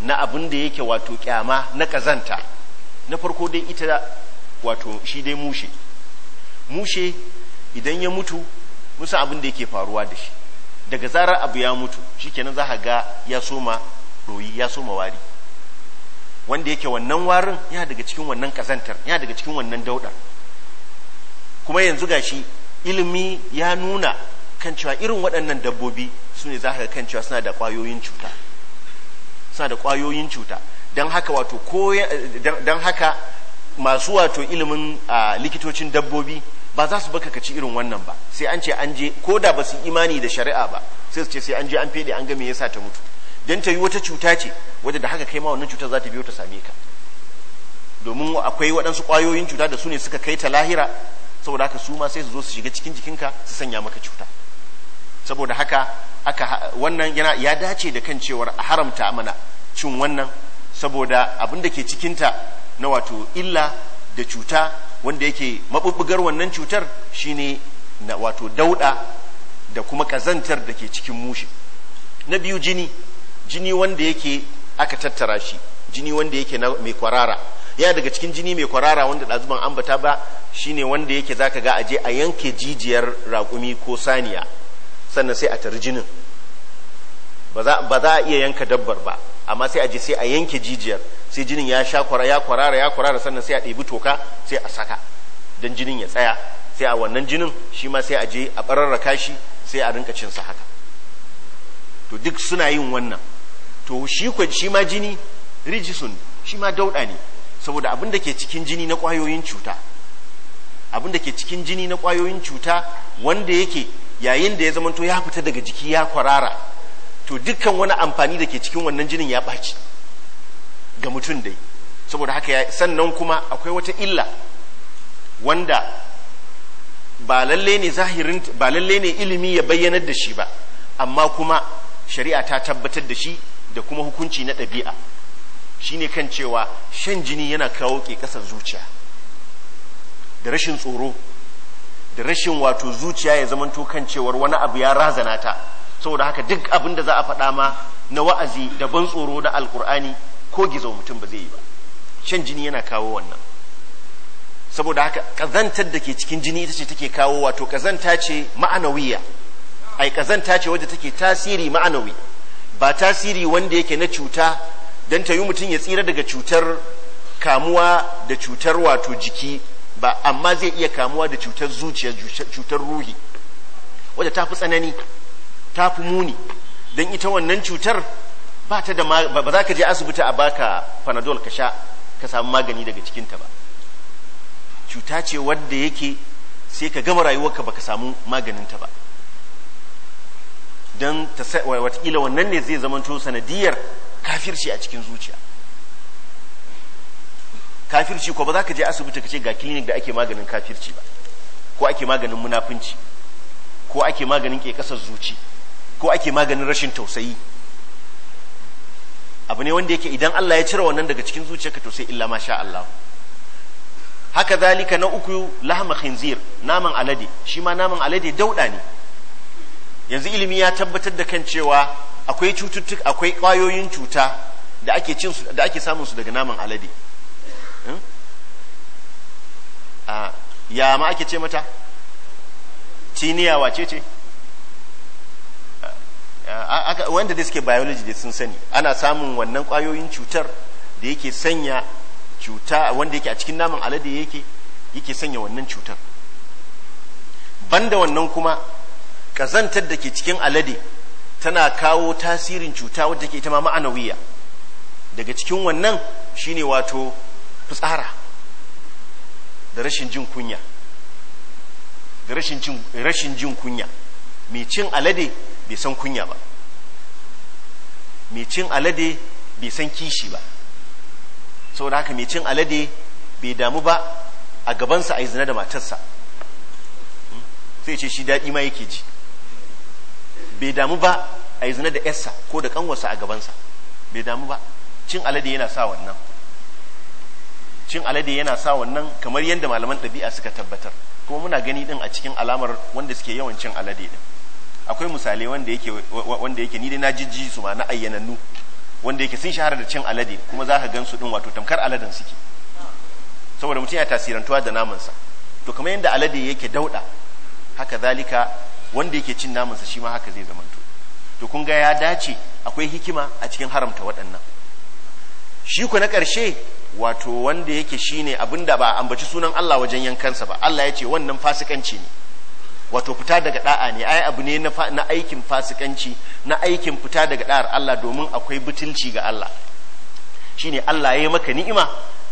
na abin da yake wato kyama na ƙazanta na farko dai ita wato shi dai mushe mushe idan ya mutu musa abin da yake faruwa da shi daga zarar abu ya mutu Shi kenan za a ga ya soma ɗoyi ya soma wari wanda yake wannan warin ya daga cikin wannan kazantar ya daga cikin wannan dauɗa kuma yanzu gashi ilimi ya nuna kan cewa irin waɗannan dabbobi su ne za ka kan cewa suna da ƙwayoyin cuta suna da ƙwayoyin cuta don haka wato ko don haka masu wato ilimin likitocin dabbobi ba za su baka kaci irin wannan ba sai an ce an je ko da ba su imani da shari'a ba sai su ce sai an je an fede an ga me yasa ta mutu dan ta yi wata cuta ce wadda da haka kai ma wannan cutar za ta biyo ta same ka domin akwai waɗansu ƙwayoyin cuta da su ne suka kai ta lahira saboda haka su ma sai su zo su shiga cikin jikinka su sanya maka cuta saboda haka aka wannan yana ya dace da kan cewar a haramta mana cin wannan saboda abin da ke cikinta na wato illa da cuta wanda yake mabubbugar wannan cutar shine na wato dauɗa da kuma ƙazantar da ke cikin mushi na biyu jini jini wanda yake aka tattara shi jini wanda yake na mai kwarara ya daga cikin jini mai kwarara wanda ɗazuban ambata ba shine wanda yake zaka ga aje a yanke jijiyar raƙumi ko saniya sannan sai a tari jinin ba za a iya yanka dabbar ba amma sai a je sai a yanke jijiyar sai jinin ya sha kwara ya kwarara ya kwarara sannan sai a ɗebi toka sai a saka don jinin ya tsaya sai a wannan jinin shi ma sai a je a bararraka shi sai a rinka cinsa haka to duk suna yin wannan to shi shi ma jini rijisun shi ma dauɗa ne saboda abin da ke cikin jini na ƙwayoyin cuta abin da ke cikin jini na ƙwayoyin cuta wanda yake yayin da ya zamanto ya fita daga jiki ya kwarara to dukkan wani amfani da ke cikin wannan jinin ya ɓaci ga mutum dai saboda haka ya sannan kuma akwai wata illa wanda ba lalle ne zahirin ba lalle ne ilimi ya bayyanar da shi ba amma kuma shari'a ta tabbatar da shi da kuma hukunci na ɗabi'a shine kan cewa shan jini yana kawo ke ƙasar zuciya da rashin tsoro da rashin wato zuciya ya zamanto kan cewar wani abu ya razana ta saboda haka duk abin da za a faɗa ma na wa'azi da ban tsoro da alkur'ani ko gizo mutum ba zai yi ba shan jini yana kawo wannan saboda haka kazantar da ke cikin jini ita ce take kawo wato kazanta ce ma'anawiya ai kazanta ce wadda take tasiri ma'anawi ba tasiri wanda yake na cuta don ta yi mutum ya tsira daga cutar kamuwa da cutar wato jiki ba amma zai iya kamuwa da cutar zuciya cutar ruhi wadda ta fi tsanani ta fi muni don ita wannan cutar ba ta da ba za ka je asibiti a baka fanadol ka sha ka samu magani daga cikinta ba cuta ce wadda yake sai ka gama rayuwarka baka samu maganinta ba don watakila wannan ne zai zamanto sanadiyar kafirci a cikin zuciya kafirci ko ba za ka je asibiti ka ce ga clinic da ake maganin kafirci ba ko ake maganin munafunci ko ake maganin ke kasar zuci ko ake maganin rashin tausayi abu ne wanda yake idan Allah ya cire wannan daga cikin zuciyarka to sai illa masha Allah haka zalika na uku lahma khinzir naman alade shi ma naman alade dauda ne yanzu ilimi ya tabbatar da kan cewa akwai cututtuk akwai kwayoyin cuta da ake cin da ake samun su daga naman alade hmm? ah, ya ma ake ce mata tiniya wace ce wanda da suke biology da sun sani ana samun wannan kwayoyin cutar da yake sanya cuta wanda yake a cikin naman alade yake yake sanya wannan cutar banda wannan kuma kazantar da ke cikin alade tana kawo tasirin cuta wadda ke ta ma ma'anawiya daga cikin wannan shine wato fitsara da rashin jin kunya da rashin jin kunya mai cin alade bai san kunya ba mai cin alade bai san kishi ba sau da haka mai cin alade bai damu ba a gabansa a yi zina da matarsa hmm? sai ce shi daɗi ma yake ji bai damu ba a yi zina da yarsa ko da kanwarsa a gabansa bai damu ba cin alade yana sa wannan cin alade yana sa wannan kamar yadda malaman ɗabi'a suka tabbatar kuma muna gani ɗin a cikin alamar wanda suke yawan cin alade ɗin akwai misalai wanda yake wanda yake ni dai na jijji su ma na ayyanannu wanda yake sun shahara da cin alade kuma za ka gan su din wato tamkar aladen suke saboda mutum ya tasirantuwa da namansa to kamar yadda alade yake dauda haka zalika wanda yake cin namansa shi ma haka zai zamanto to kun ga ya dace akwai hikima a cikin haramta waɗannan shi ku na ƙarshe wato wanda yake shine abinda ba ambaci sunan Allah wajen yankansa ba Allah ya ce wannan fasikanci ne wato fita daga da'a ne ai abu ne na aikin fasikanci na aikin fita daga da'ar Allah domin akwai butulci ga Allah shine Allah ya yi maka ni'ima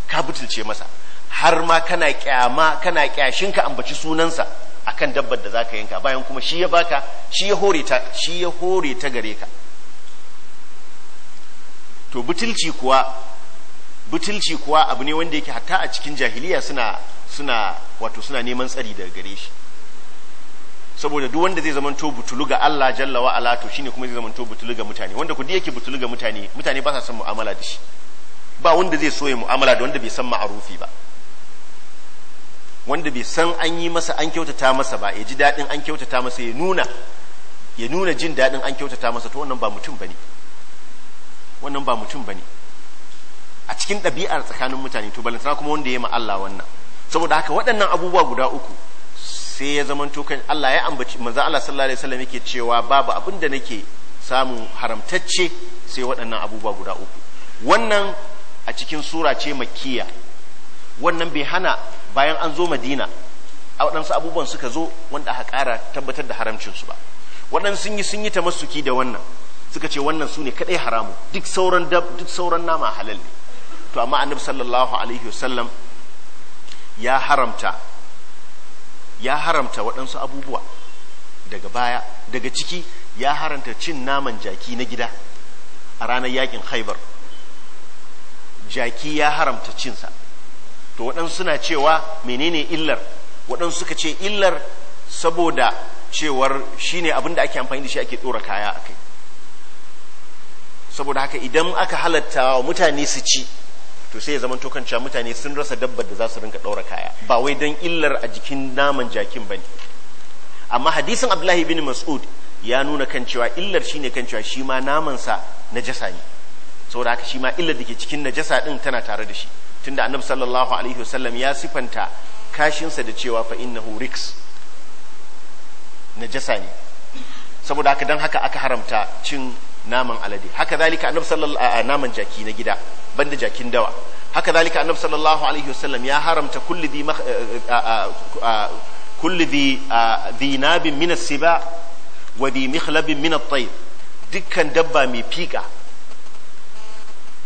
ka butulce masa har ma kana kyama kana kyashin ka ambaci sunansa akan dabbar da zaka yanka bayan kuma shi ya baka shi ya hore ta shi ya hore ta gare ka to butulci kuwa butulci kuwa abu ne wanda yake hatta a cikin jahiliya suna suna wato suna neman tsari daga gare shi saboda duk wanda zai zamanto butulu ga Allah jalla wa ala to shine kuma zai zamanto butulu ga mutane wanda ku yake butulu ga mutane mutane ba sa son mu'amala da shi ba wanda zai so ya mu'amala da wanda bai san ma'arufi ba wanda bai san an yi masa an kyautata masa ba ya ji daɗin an kyautata masa ya nuna ya nuna jin daɗin an kyautata masa to wannan ba mutum bane wannan ba mutum bane a cikin ɗabi'ar tsakanin mutane to balantana kuma wanda ya ma Allah wannan saboda haka waɗannan abubuwa guda uku sai ya zama tukan Allah ya ambaci manzo Allah sallallahu alaihi wasallam yake cewa babu abin da nake samu haramtacce sai waɗannan abubuwa guda uku wannan a cikin sura ce makkiya wannan bai hana bayan an zo madina a waɗansu abubuwan suka zo wanda aka ƙara tabbatar da haramcinsu ba waɗansu sun yi sun yi ta masuki da wannan suka ce wannan su ne kaɗai haramu duk sauran duk sauran nama halal ne to amma annabi sallallahu alaihi wasallam ya haramta ya haramta waɗansu abubuwa daga baya daga ciki ya haramta cin naman jaki na gida a ranar yakin haibar jaki ya haramta cinsa to waɗansu suna cewa menene illar waɗansu suka ce illar saboda cewar shi ne abin da ake amfani da shi ake ɗora kaya a kai saboda haka idan aka halatta wa mutane su ci to sai ya zama to cewa mutane sun rasa dabbar da za su rinka ɗaura kaya ba wai don illar a jikin naman jakin ba ne amma hadisin abdullahi bin mas'ud ya nuna kan cewa illar shine kan cewa shi ma namansa najasa ne saboda haka shi ma illar da ke cikin najasa din tana tare da shi tunda annabi sallallahu alaihi wasallam ya sifanta kashinsa da cewa fa innahu riks najasa ne saboda haka dan haka aka haramta cin naman alade haka zalika annabi sallallahu alaihi naman jaki na gida banda jakin dawa haka zalika annabi sallallahu alaihi wasallam ya haramta kulli dhi eh, eh, kulli dhi dhinabin min as-siba wa dhi mikhlabin min at-tayr dukkan dabba mai fika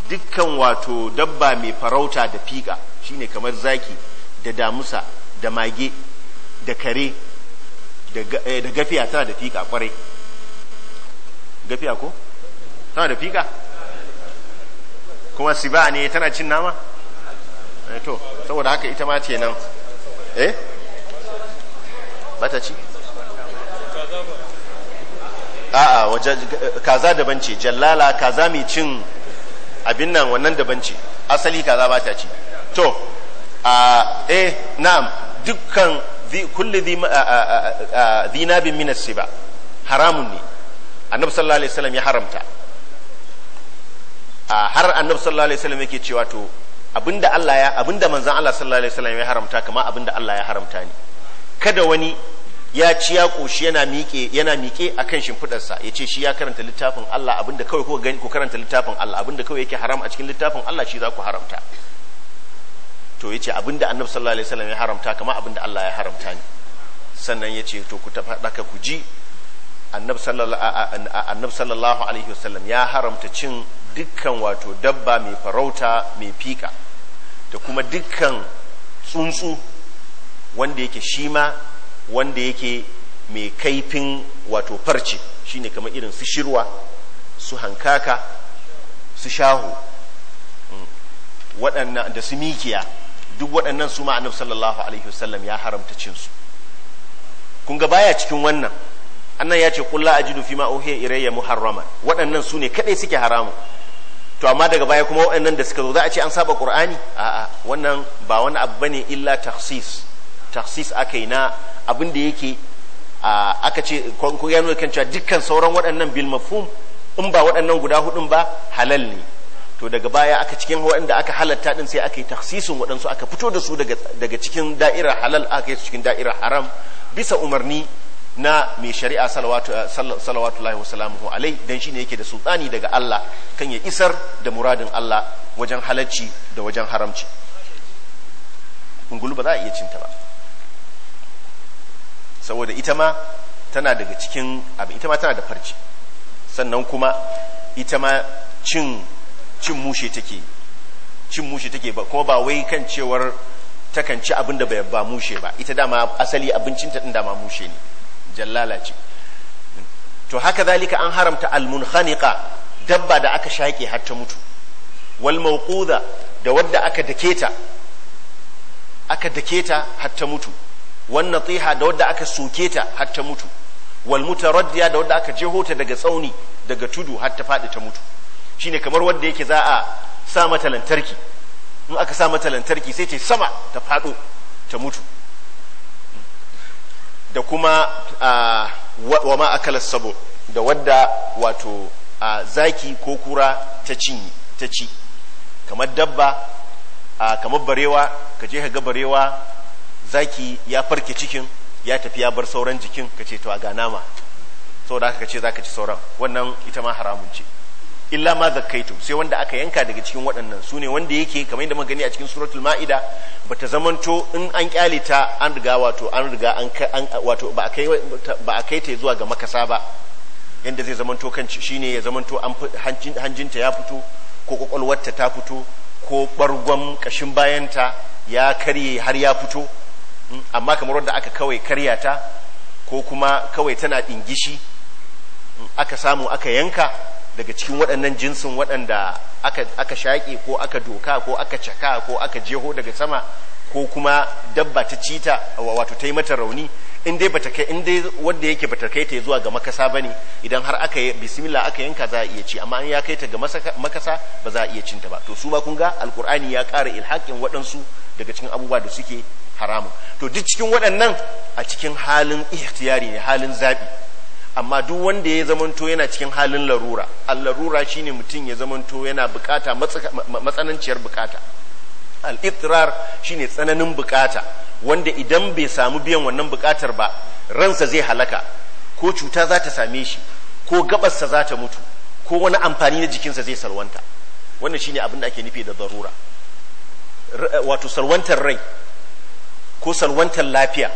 dukkan wato dabba mai farauta da fika shine kamar zaki da damusa da mage da kare da eh, gafiya tana da fika kwarai gafiya ko tana da fika kuma siba ne tana cin nama eh, to saboda haka ita ma ce nan eh bata ci a'a waje kaza daban ce jallala kaza mai cin abin nan wannan daban ce asali kaza bata ci to a eh na'am dukkan kulli zinabin min as-siba haramun ne annabi sallallahu alaihi wasallam ya haramta har annabi sallallahu alaihi wasallam yake cewa to abinda Allah ya abinda manzon Allah sallallahu alaihi wasallam ya haramta kama abinda Allah ya haramta ne kada wani ya ci ya koshi yana miƙe yana miƙe akan shimfidar ya ce shi ya karanta littafin Allah abinda kawai ku gani ku karanta littafin Allah abinda kawai yake haram a cikin littafin Allah shi za ku haramta to yace abinda annabi sallallahu alaihi wasallam ya haramta kama abinda Allah ya haramta ne sannan yace to ku tafa daka ku ji annab sallallahu alaihi wasallam ya haramta cin dukkan wato dabba mai farauta mai fika da kuma dukkan tsuntsu wanda yake shima wanda yake mai kaifin wato farce shine kamar irin su shirwa su hankaka su shahu mm, da su mikiya duk waɗannan su ma'anar sallallahu alaihi wasallam ya haramta cinsu kun ga baya cikin wannan annan ya ce kulla ajidu fi ma uhiya ilayya muharrama waɗannan su ne kadai suke haramu to amma daga baya kuma waɗannan da suka zo za a ce an saba qur'ani a'a wannan ba wani abu bane illa takhsis takhsis aka yi na abin da yake aka ce ko ya nuna kan cewa dukkan sauran waɗannan bil mafhum in ba waɗannan guda hudun ba halal ne to daga baya aka cikin waɗanda aka halatta din sai aka yi takhsisin waɗansu aka fito da su daga cikin da'irar halal aka yi su cikin da'irar haram bisa umarni na mai shari'a salawatu eh, lahi wasalamuhu alai dan shine yake da sultani daga Allah kan ya isar da muradin Allah wajen halacci da wajen haramci ungulu ba za a iya cinta ba saboda ita ma tana daga cikin abu ita ma tana da farci sannan kuma ita ma cin cin mushe take cin mushe take ba kuma ba wai kan cewar takan ci abin da ba mushe ba ita dama asali abincinta din dama mushe ne jallala ce to haka zalika an haramta almunkhaniqa dabba da aka shaƙe har ta mutu wal mawquda da wadda aka dake ta aka dake ta har ta mutu wan natiha da wadda aka soke ta har ta mutu wal mutaraddiya da wadda aka jeho ta daga tsauni daga tudu har ta faɗi ta mutu shine kamar wanda yake za a sa mata lantarki in aka sa mata lantarki sai ta sama ta faɗo ta mutu da kuma wa ma akala sabo da wadda wato zaki ko kura ta ci kamar dabba kamar barewa ka je ka ga barewa zaki ya farke cikin ya tafi ya bar sauran jikin ka ce to a ga nama da aka ka ce za ka ci sauran wannan ita ma haramun ce illa ma zakkaitum sai wanda aka yanka daga cikin waɗannan su ne wanda yake kamar yadda muka gani a cikin suratul ma'ida ta zamanto in an kyale ta an riga wato an riga an wato ba kai ba kai ta zuwa ga makasa ba yanda zai zamanto kan shine ya zamanto an hanjinta ya fito ko kwakwalwarta ta fito ko bargon kashin bayanta ya karye har ya fito hmm, amma kamar wanda aka kawai karya ta ko kuma kawai tana dingishi hmm, aka samu aka yanka daga cikin waɗannan jinsin waɗanda aka shaƙe ko aka doka ko aka caka ko aka jeho daga sama ko kuma dabba ta cita wato ta yi mata rauni in dai bata kai in dai wanda yake bata kai ta zuwa ga makasa bane idan har aka yi bismillah aka yanka za a iya ci amma an ya kai ta ga makasa ba za a iya cinta ba to su ma kun ga alkur'ani ya ƙara ilhakin waɗansu daga cikin abubuwa da suke haramun to duk cikin waɗannan a cikin halin ihtiyari ne halin zabi. amma duk wanda ya zamanto yana cikin halin larura al-larura shine mutum ya zamanto yana bukata matsananciyar bukata al-itrar shine tsananin bukata wanda idan bai samu biyan wannan bukatar ba ransa zai halaka ko cuta za ta same shi ko gabarsa za ta mutu ko wani amfani na jikinsa zai salwanta wannan shine abin da ake nufi da darura wato salwantar rai ko salwantar lafiya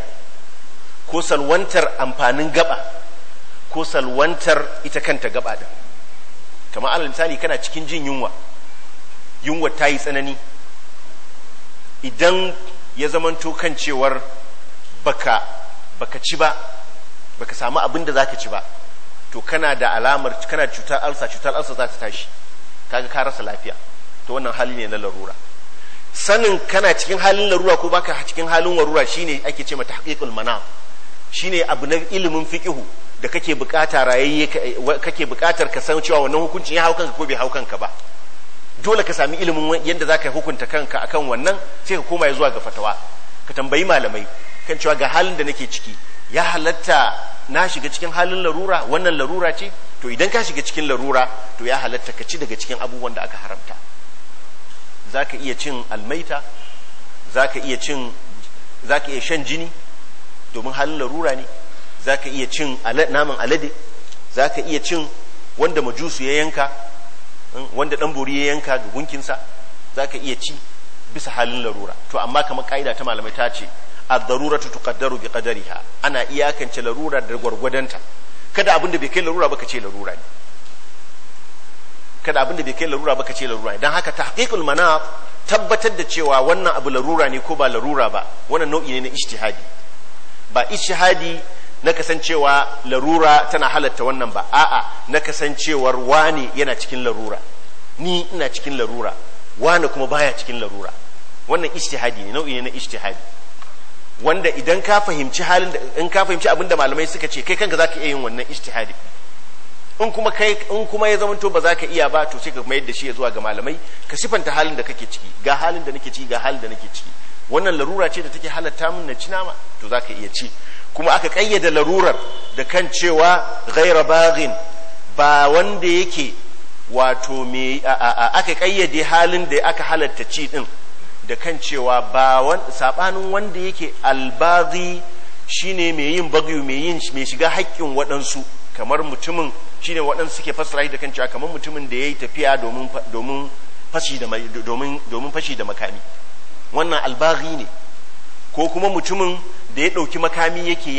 ko salwantar amfanin gaba ko salwantar ita kanta gaba da kamar ala misali kana cikin jin yunwa yunwa ta yi tsanani idan ya zamanto kan cewar baka baka ci ba baka samu abin da zaka ci ba to kana da alamar kana cutar alsa cutar alsa za ta tashi kaga ka rasa lafiya to wannan hali ne na larura sanin kana cikin halin larura ko baka cikin halin warura shine ake ce mata haqiqul manam shine abu na ilimin fiqihu da kake bukata rayayye kake bukatar ka san cewa wannan hukuncin ya hau kanka ko bai hau kanka ba dole ka sami ilimin yadda za ka hukunta kanka akan wannan sai ka koma zuwa ga fatawa ka tambayi malamai kan cewa ga halin da nake ciki ya halatta na shiga cikin halin larura wannan larura ce to idan ka shiga cikin larura to ya halatta ka ci daga cikin abubuwan da aka haramta za ka iya cin almaita za ka iya cin za ka iya shan jini domin halin larura ne za ka iya cin naman alade za ka iya cin wanda majusu ya yanka hmm, wanda ɗan bori ya yanka ga gunkinsa za ka iya ci bisa halin larura to amma kamar ka'ida ta malamai ta ce a ad ta tuqaddaru bi ha? ana iyakance larura da gwargwadonta kada abin da bai kai larura ba ce larura ne kada abin da bai kai larura ba ce larura ne don haka tahqiqul manaf tabbatar da cewa wannan abu larura ne ko ba larura ba wannan nau'i ne na ijtihadi ba ijtihadi na kasancewa larura tana halatta wannan ba a'a na kasancewar wani yana cikin larura ni ina cikin larura wani kuma baya cikin larura wannan ijtihadi ne nau'i ne na ijtihadi wanda idan ka fahimci halin da in ka fahimci abinda malamai suka ce kai kanka zaka iya yin wannan ijtihadi in kuma kai in kuma ya zamanto ba za ka iya ba to sai ka mayar da shi ya zuwa ga malamai ka sifanta halin da kake ciki ga halin da nake ciki ga halin da nake ciki wannan larura ce da take halatta mun na ci nama to zaka iya ci kuma aka kayyada larurar da kan cewa ghaira baghin ba wanda yake wato me aka kayyade halin da aka halatta ci din da kan cewa ba sabanin wanda yake albaghi shine me yin bagyu mai yin mai shiga haƙƙin waɗansu kamar mutumin shine waɗansu suke fasara da kan cewa kamar mutumin da yayi tafiya domin domin fashi da domin domin fashi da makami wannan albaghi ne ko kuma mutumin da ya ɗauki makami yake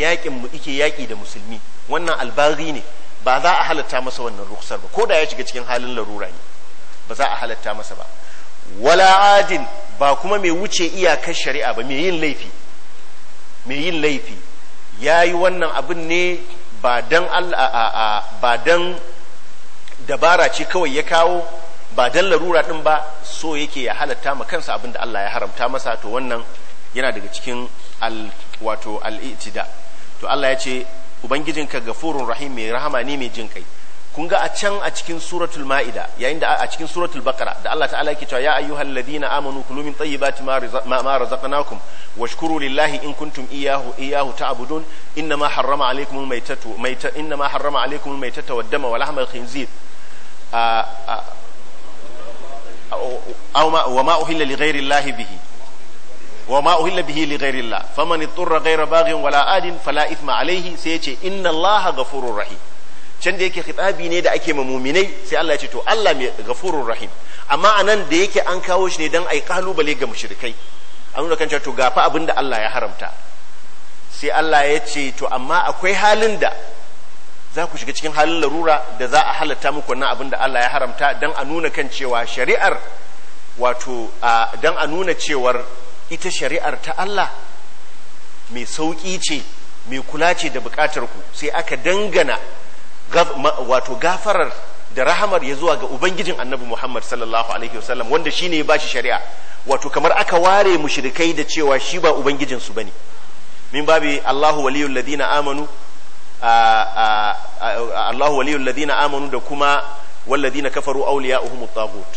yaƙi da musulmi wannan albari ne ba za a halatta masa wannan ruksar ba ko da ya shiga cikin halin larura ne ba za a halatta masa ba wala adin ba kuma mai wuce iyakar shari'a ba mai yin laifi mai yin laifi ya yi wannan abin ne ba dan dabara ce kawai ya kawo ba dan larura din ba so yake ya halatta ma kansa abin da Allah ya haramta masa to wannan yana daga cikin al wato al-i'tida to Allah ya ce ubangijinka gafurun rahim mai rahama ne mai jin kai kun ga a can a cikin suratul ma'ida yayin da a cikin suratul baqara da Allah ta'ala yake cewa ya ayyuhal ladina amanu kulu min tayyibati ma ma razaqnakum washkuru lillahi in kuntum iyyahu iyyahu ta'budun inna ma harrama alaykum al-maytatu mayta inna ma harrama alaykum al-maytata wad-dama wa lahma khinzir aw ma wa ma uhilla li ghayri allahi bihi wa ma uhilla bihi li ghairillah faman ittara ghaira baghin wala adin fala ithma alaihi sai yace inna allaha rahim can da yake khitabi ne da ake ma muminai sai Allah ya ce to Allah mai ghafurur rahim amma anan da yake an kawo shi ne dan ai kalubale ga mushrikai an nuna kan cewa to gafa abinda Allah ya haramta sai Allah ya ce to amma akwai halin da za ku shiga cikin halin larura da za a halatta muku wannan abin da Allah ya haramta dan a nuna kan cewa shari'ar wato dan a nuna cewar ita shari'ar ta Allah mai sauƙi ce mai kula ce da buƙatar ku sai aka dangana wato gafarar da rahamar ya zuwa ga ubangijin annabi Muhammad sallallahu alaihi wasallam wanda shine ya bashi shari'a wato kamar aka ware mushrikai da cewa shi ba ubangijin su bane min babi Allahu waliyul ladina amanu Allahu waliyul ladina amanu da kuma Ladina kafaru awliya'uhum at-taghut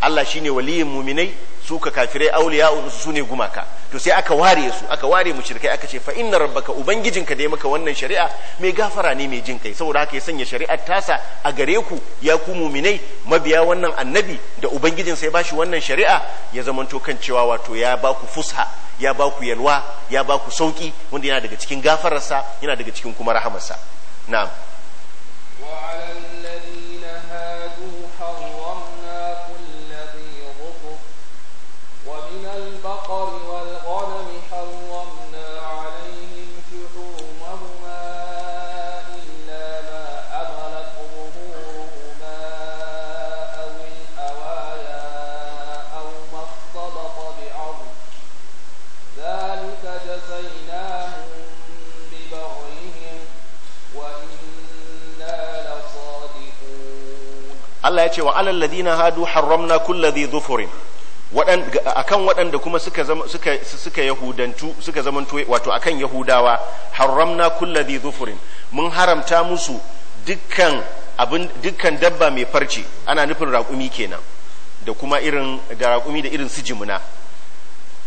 Allah shine waliyul mu'minai su ka kafirai auliya su ne gumaka to sai aka ware su aka ware shirkai aka ce fa inna rabbaka ubangijinka da ya maka wannan shari'a mai gafara ne mai jin kai saboda haka ya sanya shari'ar tasa a gare ku ya ku muminai mabiya wannan annabi da ubangijin sai bashi wannan shari'a ya zamanto kan cewa wato ya ku fusha ya ba ku yalwa ya ba ku sauki wanda yana daga cikin gafararsa yana daga cikin kuma rahamarsa na'am Allah ya ce wa alal ladina hadu haramna kulladhi dhufurin wadan akan waɗanda kuma suka zama suka suka yahudantu suka zamanto wato akan yahudawa haramna kulladhi dhufurin mun haramta musu dukkan abin dukkan dabba mai farci ana nufin raƙumi kenan da kuma irin da raƙumi da irin sijimuna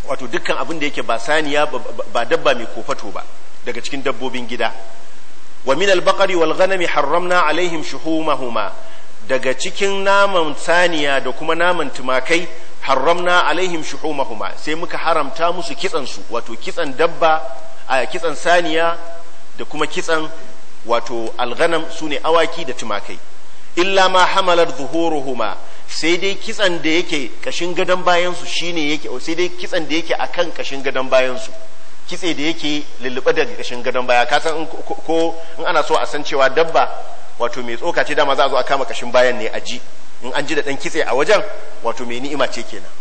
wato dukkan abin da yake ba saniya ba dabba mai kofato ba daga cikin dabbobin gida wa min al-baqari wal ghanami harramna alaihim shuhumahuma daga cikin naman saniya da kuma naman tumakai haramna alaihim shuhumahuma sai muka haramta musu kitsan su wato kitsan dabba a kitsan saniya da kuma kitsan wato alghanam sune awaki da tumakai illa ma hamalar zuhuruhuma sai dai kitsan da yake kashin gadon bayan su shine yake sai dai kitsan da yake akan kashin gadon bayan su kitse da yake lullube da kashin gadon baya ka san ko in ana so a san cewa dabba wato mai tsoka ce dama za a zo a kama kashin bayan ne a ji in an ji da ɗan kitse a wajen wato mai ni'ima ce kenan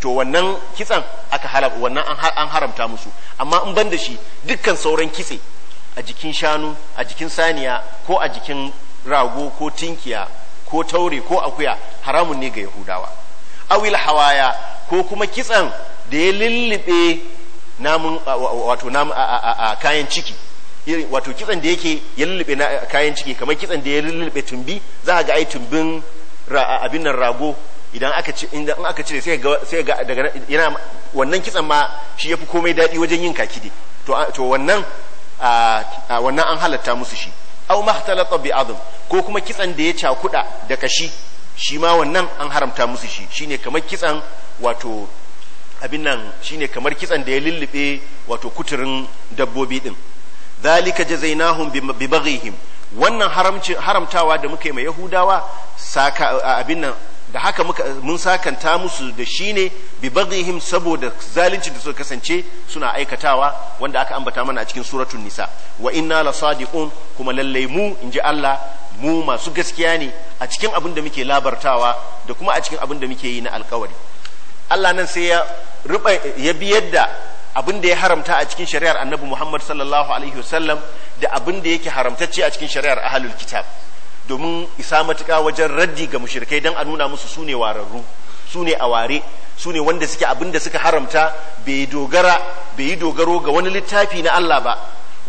to wannan kitsan aka halar wannan an haramta musu amma in ban da shi dukkan sauran kitse a jikin shanu a jikin saniya ko a jikin rago ko tinkiya ko taure ko akuya haramun ne ga yahudawa awil hawaya ko kuma kitsan da ya lullube namun wato namun a kayan ciki wato kitsan da yake ya lullube na kayan ciki kamar kitsan da ya lullube tumbi za ga ai tumbin abin nan rago idan aka ci in aka cire sai ga sai ga daga yana wannan kitsan ma shi yafi komai dadi wajen yin kakide to to wannan wannan an halatta musu shi aw mahtalata bi azm ko kuma kitsan da ya cakuda da kashi shi ma wannan an haramta musu shi shine kamar kitsan wato abin nan shine kamar kitsan da ya lullube wato kuturin dabbobi din zalika jazainahum bi baghihim wannan haramtawa da muka yi ma yahudawa saka abin nan da haka muka mun sakanta musu da shine bi baghihim saboda zalunci da suka kasance suna aikatawa wanda aka ambata mana a cikin suratul nisa wa inna la sadiqun kuma lallai mu inji Allah mu masu gaskiya ne a cikin abin da muke labartawa da kuma a cikin abin da muke yi na alkawari Allah nan sai ya ya biyar da abin da ya haramta a cikin shari'ar annabi Muhammad sallallahu alaihi wasallam da abin da yake haramtacce a cikin shari'ar ahlul kitab domin isa matuƙa wajen raddi ga mushrikai dan a nuna musu sune wararru sune aware sune wanda suke abin da suka haramta bai dogara bai dogaro ga wani littafi na Allah ba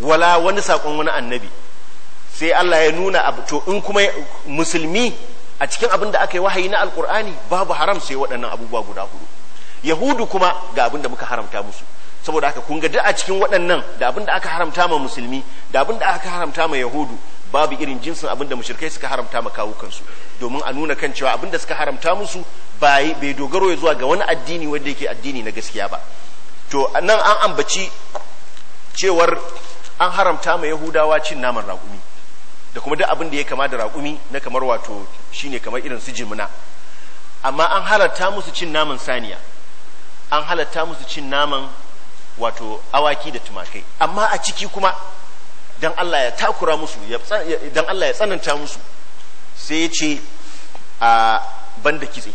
wala wani sakon wani annabi sai Allah ya nuna abu to in kuma musulmi a cikin abin da aka yi wahayi na alkur'ani babu haram sai waɗannan abubuwa guda hudu yahudu kuma ga abin da muka haramta musu saboda haka kun ga duk a cikin waɗannan da abin da aka haramta ma musulmi da abin da aka haramta ma yahudu babu irin jinsin abin da mushrikai suka haramta ma kawukansu domin a nuna kan cewa abin da suka haramta musu bai bai dogaro ya zuwa ga wani addini wanda yake addini na gaskiya ba to nan an ambaci cewar an haramta ma yahudawa cin naman raƙumi da kuma duk abin da ya kama da raƙumi na kamar wato shine kamar irin su jimina amma an halatta musu cin naman saniya an halatta musu cin naman wato awaki da tumakai amma a ciki kuma dan Allah ya takura musu dan Allah ya tsananta musu sai ya ce a banda kitse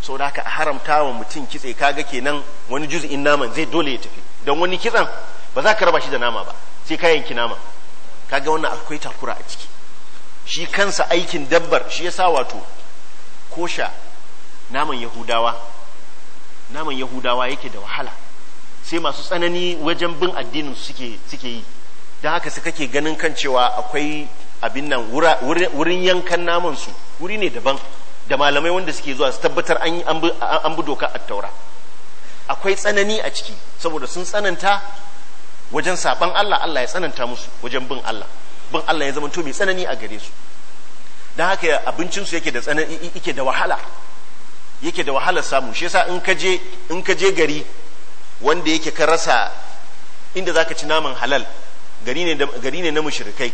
saboda da aka haramta wa mutum kitse kaga kenan wani juz'in naman zai dole ya tafi don wani kitsan ba za ka raba shi da nama ba sai ka yanki nama kaga wannan akwai takura a ciki shi kansa aikin dabbar shi yasa wato kosha naman yahudawa naman yahudawa yake da wahala sai masu tsanani wajen bin addinin suke yi da haka su kake ganin kan cewa akwai abin nan wurin yankan naman su wuri ne daban da malamai wanda suke zuwa su tabbatar an bi doka taura. akwai tsanani a ciki saboda sun tsananta wajen saban Allah Allah ya tsananta musu wajen bin Allah bin Allah ya zama to mai tsanani a gare su don haka abincinsu yake da tsanani yake da wahala yake da wahala samu shi yasa in kaje in ka gari wanda yake ka rasa inda za ka ci naman halal gari ne na mushirikai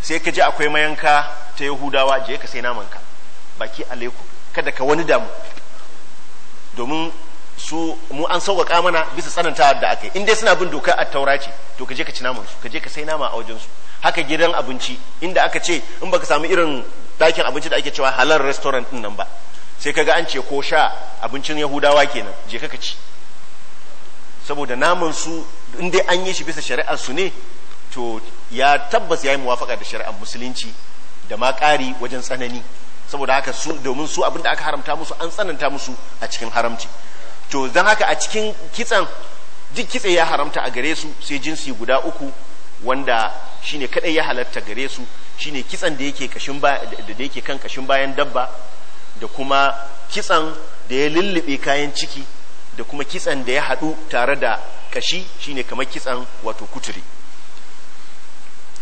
sai ka ji akwai mayanka ta yahudawa je ka sai namanka baki aleku kada ka wani damu domin su mu an sauƙaƙa mana bisa tsananta da aka yi in suna bin doka a taura ce to ka je ka ci naman su ka je ka sai nama a wajensu haka gidan abinci inda aka ce in baka samu irin dakin abinci da ake cewa halal restaurant din nan ba sai kaga an ce ko sha abincin yahudawa kenan je ka ci saboda naman su in dai an yi shi bisa shari'ar su ne to ya tabbas ya yi muwafaka da shari'ar musulunci da ma ƙari wajen tsanani saboda haka su domin su abinda aka haramta musu an tsananta musu a cikin haramci to don haka a cikin kitsan duk kitse ya haramta a gare su sai jinsi guda uku wanda shine kadai ya halatta gare su shine kitsan da yake kashin da yake kan kashin bayan dabba da kuma kitsan da ya lullube kayan ciki da kuma kitsan da ya haɗu tare da kashi shine kamar kitsan wato kuturi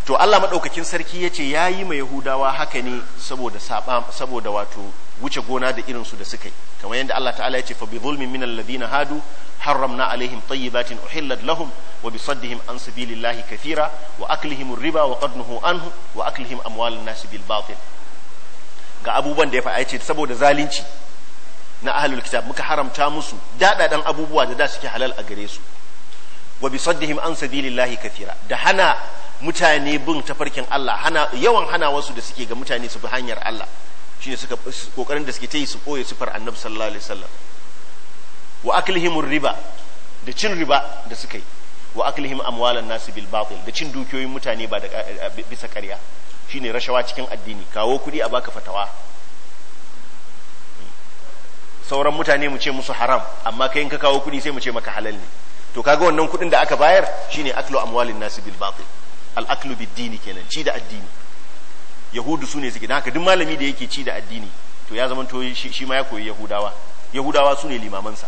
to Allah maɗaukakin sarki ya ce ya yi mai yahudawa haka ne saboda wato wuce gona da irinsu da suka yi kamar yadda Allah ta'ala ya ce fa bi zulmin min alladhina hadu harramna alaihim tayyibatin uhillat lahum wa bi saddihim an sabilillahi kathira wa aklihim riba wa qad anhu wa aklihim amwalan nas bil batil ga abubuwan da ya faɗa ce saboda zalunci na ahlul kitab muka haramta musu dadadan abubuwa da da suke halal a gare su wa bi saddihim an sabilillahi kafira da hana mutane bin tafarkin Allah hana yawan hana wasu da suke ga mutane su bi hanyar Allah shine suka kokarin da suke ta yi su koye sifar annabi sallallahu alaihi wasallam wa aklihim riba da cin riba da suka yi wa aklihim amwalan nasu bil batil da cin dukiyoyin mutane ba da bisa ƙarya shine rashawa cikin addini kawo kuɗi a baka fatawa sauran mutane mu ce musu haram amma kai in ka kawo kuɗi sai mu ce maka halal ne to kaga wannan kuɗin da aka bayar shine aklu amwalin nasi bil batil al aklu bid dini kenan ci da addini yahudu sune suke dan haka duk malami da yake ci da addini to ya zama to shi ma ya koyi yahudawa yahudawa sune sa,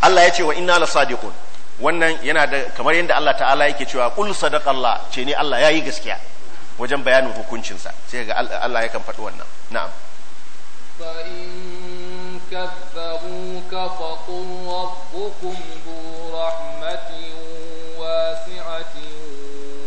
Allah ya ce wa inna la sadiqun wannan yana da kamar yadda Allah ta'ala yake cewa qul sadaqallah ce ne Allah yi gaskiya wajen bayanin hukuncinsa sai ga Allah yakan faɗi wannan na'am كذبوك فقل ربكم ذو رحمة واسعة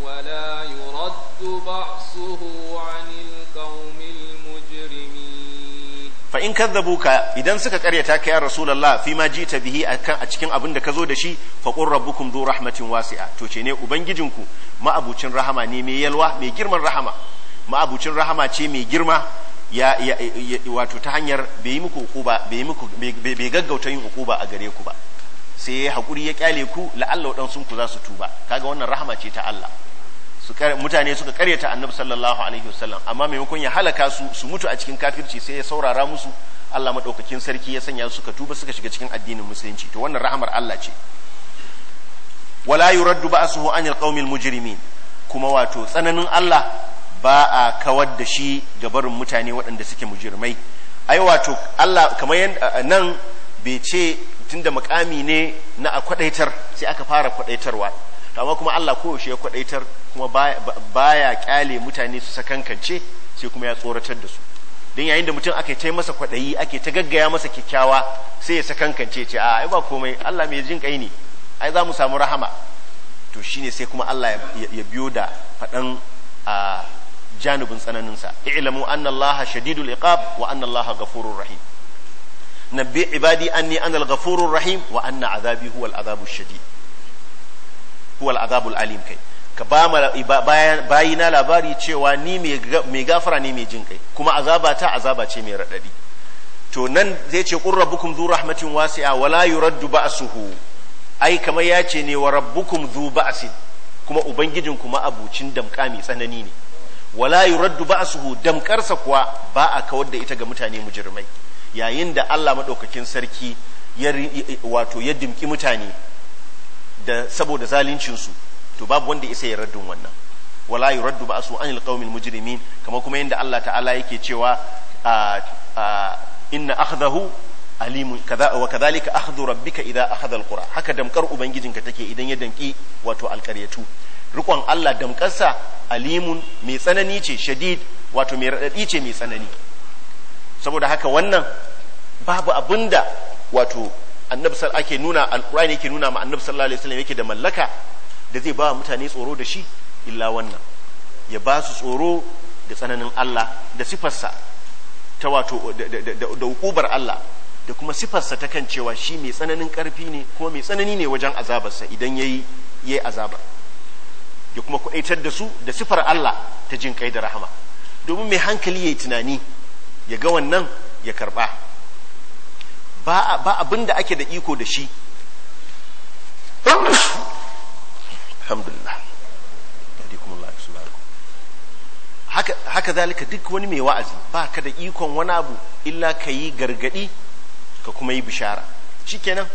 ولا يرد بأسه عن القوم المجرمين فإن كذبوك إذا سكك أريتاك يا رسول الله فيما جئت به أتكين أبن كزو دشي فقل ربكم ذو رحمة واسعة توشيني أبنججنكو ما أبو تشن رحمة نيمي يلوى مي جرما رحمة ما أبو تشن رحمة تشي مي جرما ya wato ta hanyar bai yi muku ukuba bai muku bai gaggauta yin ukuba a gare ku ba sai ya hakuri ya kyale ku la'alla waɗansu ku za su tuba kaga wannan rahama ce ta Allah su mutane suka karyata annabi sallallahu alaihi wasallam amma maimakon ya halaka su su mutu a cikin kafirci sai ya saurara musu Allah madaukakin sarki ya sanya suka tuba suka shiga cikin addinin musulunci to wannan rahamar Allah ce wala yuraddu ba'suhu anil qaumil mujrimin kuma wato tsananin Allah ba a kawar da shi ga mutane waɗanda suke mujirmai ai wato Allah kamar nan bai ce tunda makami ne na a kwadaitar sai aka fara kwadaitarwa amma kuma Allah koyaushe ya kwadaitar kuma baya kyale mutane su sakankance sai kuma ya tsoratar da su don yayin da mutum aka yi masa kwadayi ake ta gaggaya masa kyakkyawa sai ya sakankance ce a ai ba komai Allah mai jin kai ne ai za mu samu rahama to shine sai kuma Allah ya biyo da faɗan a janibin tsananinsa i'lamu anna Allah shadidul iqab wa anna Allah ghafurur rahim nabbi ibadi anni ana al-ghafurur rahim wa anna azabi huwa al-azabu shadid huwa al-azabu alim kai ka ba bayina labari cewa ni mai gafara ne mai jin kai kuma azaba ta azaba ce mai radadi to nan zai ce qur rabbukum dhu rahmatin wasi'a wala yuraddu ba'suhu ai kamar ya ce ne wa rabbukum dhu ba'sin kuma ubangijin ma abucin damka mai tsanani ne wala yuraddu ba'suhu damkarsa kuwa ba a kawar da ita ga mutane mujrimai yayin da Allah madaukakin sarki ya wato ya dimki mutane da saboda zalincin su to babu wanda isa ya raddun wannan wala yuraddu ba'su anil qaumil mujrimin kama kuma yanda Allah ta'ala yake cewa inna akhdahu alimun kaza wa kadhalika akhdhu rabbika idha akhadha alqura haka damkar ubangijinka take idan ya danki wato alqaryatu rikon Allah damƙarsa alimun mai tsanani ce shadid wato mai raɗaɗi ce mai tsanani saboda haka wannan babu da wato annabsar ake nuna ne ke nuna ma annabsar sallallahu yake da mallaka da zai ba mutane tsoro da shi illa wannan ya ba su tsoro da tsananin Allah da sifarsa ta wato da hukubar Allah da kuma sifarsa ta kan cewa shi mai tsananin ƙarfi ne kuma mai tsanani ne wajen azabarsa idan ya yi azabar ya kuma kuɗaitar da su da sifar Allah ta jin kai da rahama domin mai hankali ya yi tunani ya ga wannan ya karɓa ba abin da ake da iko da shi haka, zalika duk wani mai wa'azi ba ka da ikon wani abu illa ka yi gargaɗi ka kuma yi bishara shikenan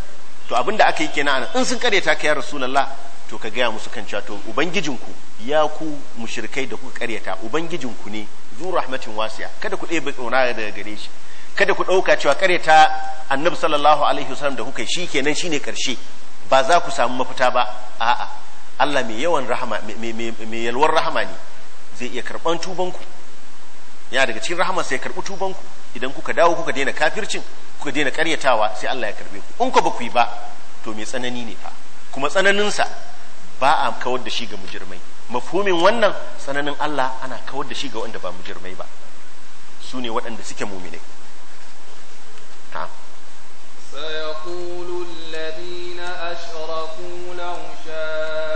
to abin da aka yi kenan in sun karyata ka ya rasulallah to ka gaya musu kan cewa to ubangijinku ya ku mushrikai da kuka karyata ubangijinku ne zu rahmatin wasiya kada ku ɗebe tsona daga gare shi kada ku ɗauka cewa karyata annabi sallallahu alaihi wasallam da kuka shi kenan ne karshe ba za ku samu mafita ba a'a Allah mai yawan rahama mai yalwar rahama ne zai iya karɓan tubanku ya daga cikin rahama sai karɓi tubanku idan kuka dawo kuka daina kafircin kuka daina karyatawa sai Allah ya karɓe ku in ku ba ku yi ba to mai tsanani ne fa kuma tsananinsa ba a kawar da shi ga mujirmai mafhumin wannan tsananin Allah ana kawar da shi ga wanda ba mujirmai ba su ne waɗanda suke mumine سيقول الذين أشركوا لو sha'a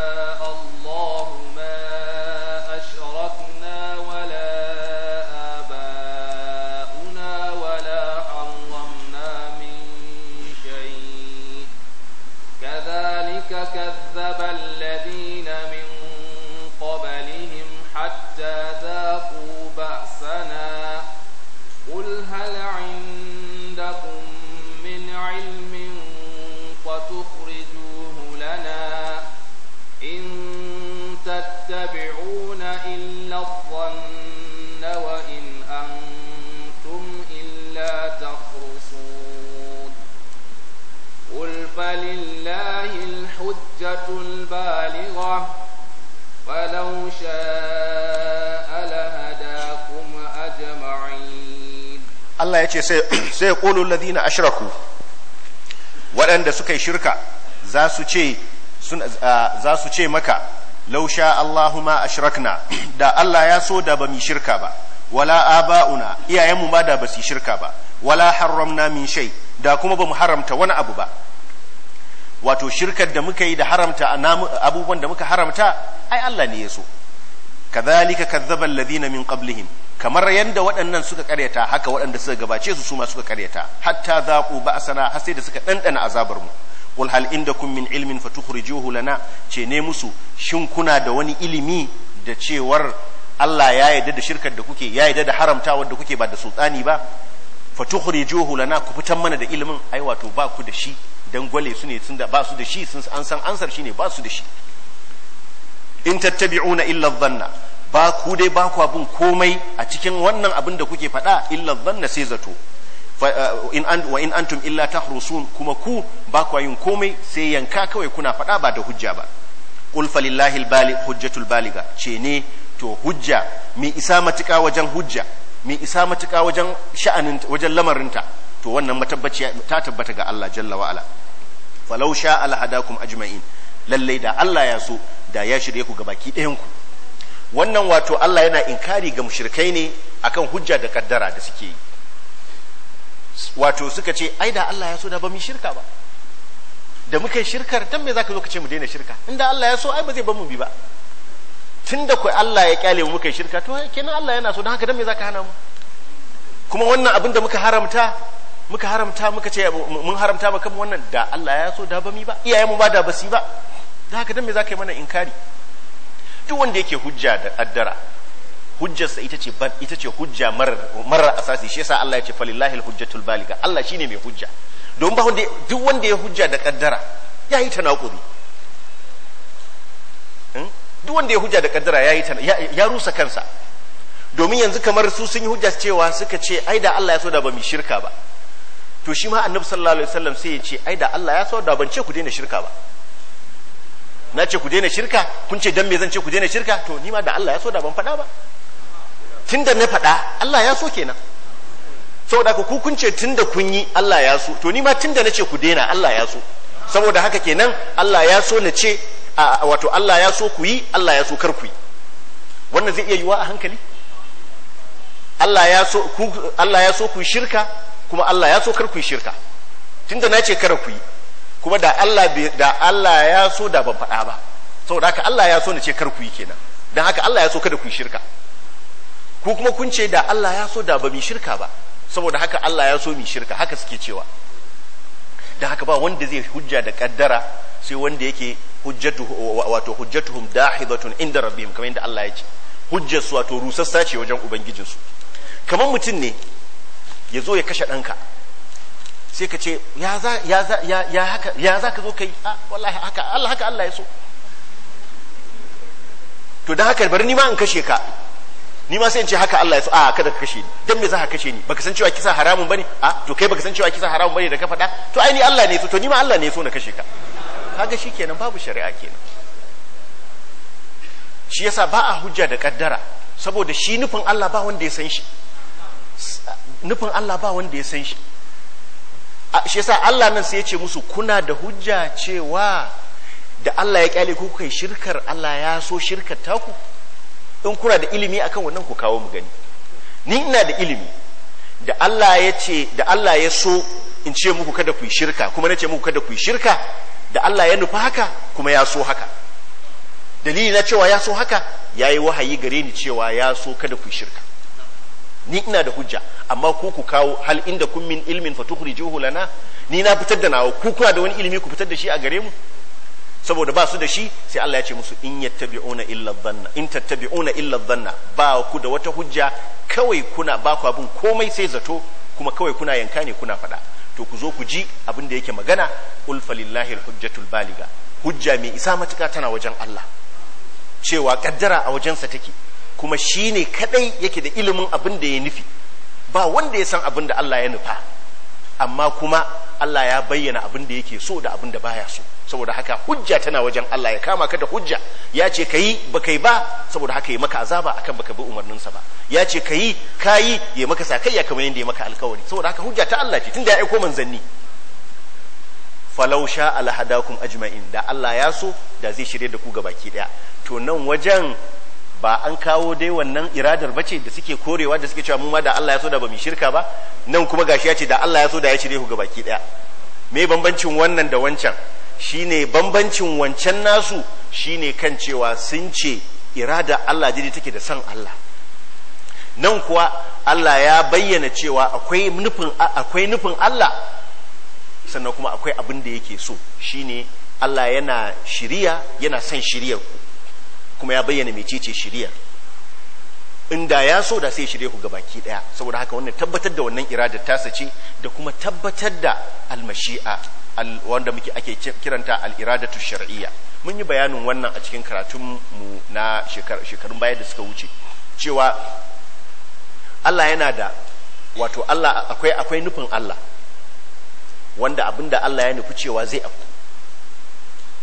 ولله الحجة البالغة ولو شاء لهداكم أجمعين الله يتي سيقول الذين أشركوا waɗanda suka yi shirka za su ce maka lausha Allahuma ashrakna da Allah ya so da ba mu shirka ba wala aba'una iyayenmu ma da ba su shirka ba wala haramna min shay da kuma ba mu haramta wani abu ba wato shirkar da muka yi da haramta abubuwan da muka haramta ai Allah ne ya so kadhalika kadzdzaba ladina min qablihim kamar yanda waɗannan suka karyata haka waɗanda suka gabace su suma suka karyata hatta zaqu ba'sana har sai da suka dandana azabar mu qul hal indakum min ilmin fatukhrijuhu lana ce ne musu shin kuna da wani ilimi da cewar Allah ya yarda da shirkar da kuke ya yarda da haramta da kuke ba da sultani ba fatukhrijuhu lana ku fitan mana da ilimin ai wato ba ku da shi Dangwale gwale su ne sun da ba su da shi sun an san ansar shi ne ba su da shi in tattabi'una illa dhanna ba ku dai ba ku abun komai a cikin wannan abin da kuke faɗa illa dhanna sai zato eh, in an wa in antum illa tahrusun kuma ku ba ku yin komai sai yanka kawai kuna faɗa ba da hujja ba qul falillahi albali hujjatul baliga ce ne to hujja mi isa matuka wajen hujja mi isa matuka wajen sha'anin wajen lamarinta to wannan matabbaci ta tabbata ga Allah jalla wa ala falau sha alhadakum ajma'in lallai da Allah ya so da ya shirye ku gabaki ɗayan ku wannan wato Allah yana inkari ga mushrikai ne akan hujja da kaddara da suke yi wato suka ce ai da Allah ya so da ba mu shirka ba da muka yi shirkar dan me zaka zo ka ce mu daina shirka da Allah ya so ai ba zai ba mu bi ba tunda ku Allah ya kyale mu muka yi shirka to kenan Allah yana so dan haka dan me zaka hana mu kuma wannan abin da muka haramta muka haramta muka ce mun haramta ba kan wannan da Allah ya so da ba mi ba mu ba da basi ba da haka dan me zaka yi mana inkari duk wanda yake hujja da addara hujjarsa ita ce ita ce hujja marar asasi shi yasa Allah ya ce falillahi alhujjatul baliga Allah shine mai hujja don ba wanda duk wanda ya hujja da kaddara yayi naƙuri hmm? duk wanda ya hujja da kaddara yayi ya rusa kansa domin yanzu kamar su sun yi hujja cewa suka ce ai da Allah ya so da ba mu shirka ba to shi ma annabi sallallahu alaihi wasallam sai ya ce ai da Allah ya so da ban ce ku daina shirka ba na ce ku daina shirka kun ce dan me zan ce ku daina shirka to ni ma da Allah ya so da ban faɗa ba tunda na faɗa Allah ya so kenan saboda ku kun ce tunda kun yi Allah ya so to ni ma tunda na ce ku daina Allah ya so saboda haka kenan Allah ya so na ce wato Allah ya so ku yi Allah ya so kar ku yi wannan zai iya yiwa a hankali Allah ya so ku Allah ya so ku shirka kuma Allah ya so karku shirka tunda na ce kar ku yi kuma da Allah da Allah ya so da ban faɗa ba saboda haka Allah ya so na ce kar ku yi kenan dan haka Allah ya so kada ku shirka ku kuma kun ce da Allah ya so da ba mu shirka ba saboda haka Allah ya so mu shirka haka suke cewa dan haka ba wanda zai hujja da kaddara sai wanda yake hujjatu wato hujjatuhum dahidatun inda rabbihim kamar yadda Allah ya ce hujjar su wato rusassa ce wajen ubangijinsu kamar mutum ne ya zo ya kashe ɗanka sai ka ce ya za ka zo ka yi ah, wallahi haka Allah haka Allah ya so to don haka bari ni ma in kashe ka ni ma sai in ce haka Allah ya so a ah, kada ka kashe ni don me za ka kashe ni baka san cewa kisa haramun bane a ah, to kai baka san cewa kisa haramun bane da ka faɗa to ai ni Allah ne so to ni ma Allah ne so na kashe ka kaga shikenan babu shari'a kenan shi yasa ba a hujja da kaddara saboda shi nufin Allah ba wanda ya san shi nufin Allah ba wanda ya san shi shi yasa Allah nan sai ya ce musu kuna da hujja cewa da Allah ya kyale ku kai shirkar Allah ya so shirkar taku in kuna da ilimi akan wannan ku kawo mu gani ni ina da ilimi da Allah ya ce da Allah ya so in ce muku kada ku yi shirka kuma na ce muku kada ku yi shirka da Allah ya nufa haka kuma ya so haka dalili na cewa ya so haka yayi wahayi gare ni cewa ya so kada ku yi shirka ni ina da hujja amma ku ku kawo hal inda kun min ilmin fa tukhrijuhu lana ni na fitar da nawa ku kuna da wani ilimi ku fitar da shi a gare mu saboda ba su da shi sai Allah ya ce musu in yattabi'una illa dhanna in tattabi'una illa dhanna ba ku da wata hujja kawai kuna ba ku abin komai sai zato kuma kawai kuna yanka ne kuna faɗa to ku zo ku ji abin da yake magana ulfa falillahi hujjatul baliga hujja mai isa matuka tana wajen Allah cewa kaddara a wajensa take kuma shi ne kaɗai yake da ilimin abin da ya nufi ba wanda ya san abin da Allah ya nufa amma kuma Allah ya bayyana abin da yake so da abin da baya so saboda haka hujja tana wajen Allah ya kama ka da hujja ya ce ka yi ba kai ba saboda haka ya maka azaba akan baka bi umarninsa ba ya ce ka yi ka yi ya maka ya kamar yadda ya maka alkawari saboda haka hujja ta Allah ce tun da ya aiko manzanni falau sha alhadakum ajma'in da Allah ya so da zai shirye da ku gabaki daya to nan wajen ba an kawo dai wannan iradar bace da suke korewa da suke cewa mu ma da Allah ya so da ba mu shirka ba nan kuma gashi ya ce da Allah ya so da ya shirye ku ga baki daya me bambancin wannan da wancan shine bambancin wancan nasu shine kan cewa sun ce irada Allah jiri take da san Allah nan kuwa Allah ya bayyana cewa akwai nufin akwai nufin Allah sannan kuma akwai abin da yake so shine Allah yana shiriya yana son shiriyar ku kuma ya bayyana mecece shiriyar inda ya so da sai shirye ku ga baki daya saboda haka wannan tabbatar da wannan iradar tasa ce da kuma tabbatar da almashi'a wanda muke ake kiranta al-iradatu shar'iyya mun yi bayanin wannan a cikin karatun mu na shekarun baya da suka wuce cewa Allah yana da wato Allah akwai akwai nufin Allah wanda abinda Allah ya nufi cewa zai afku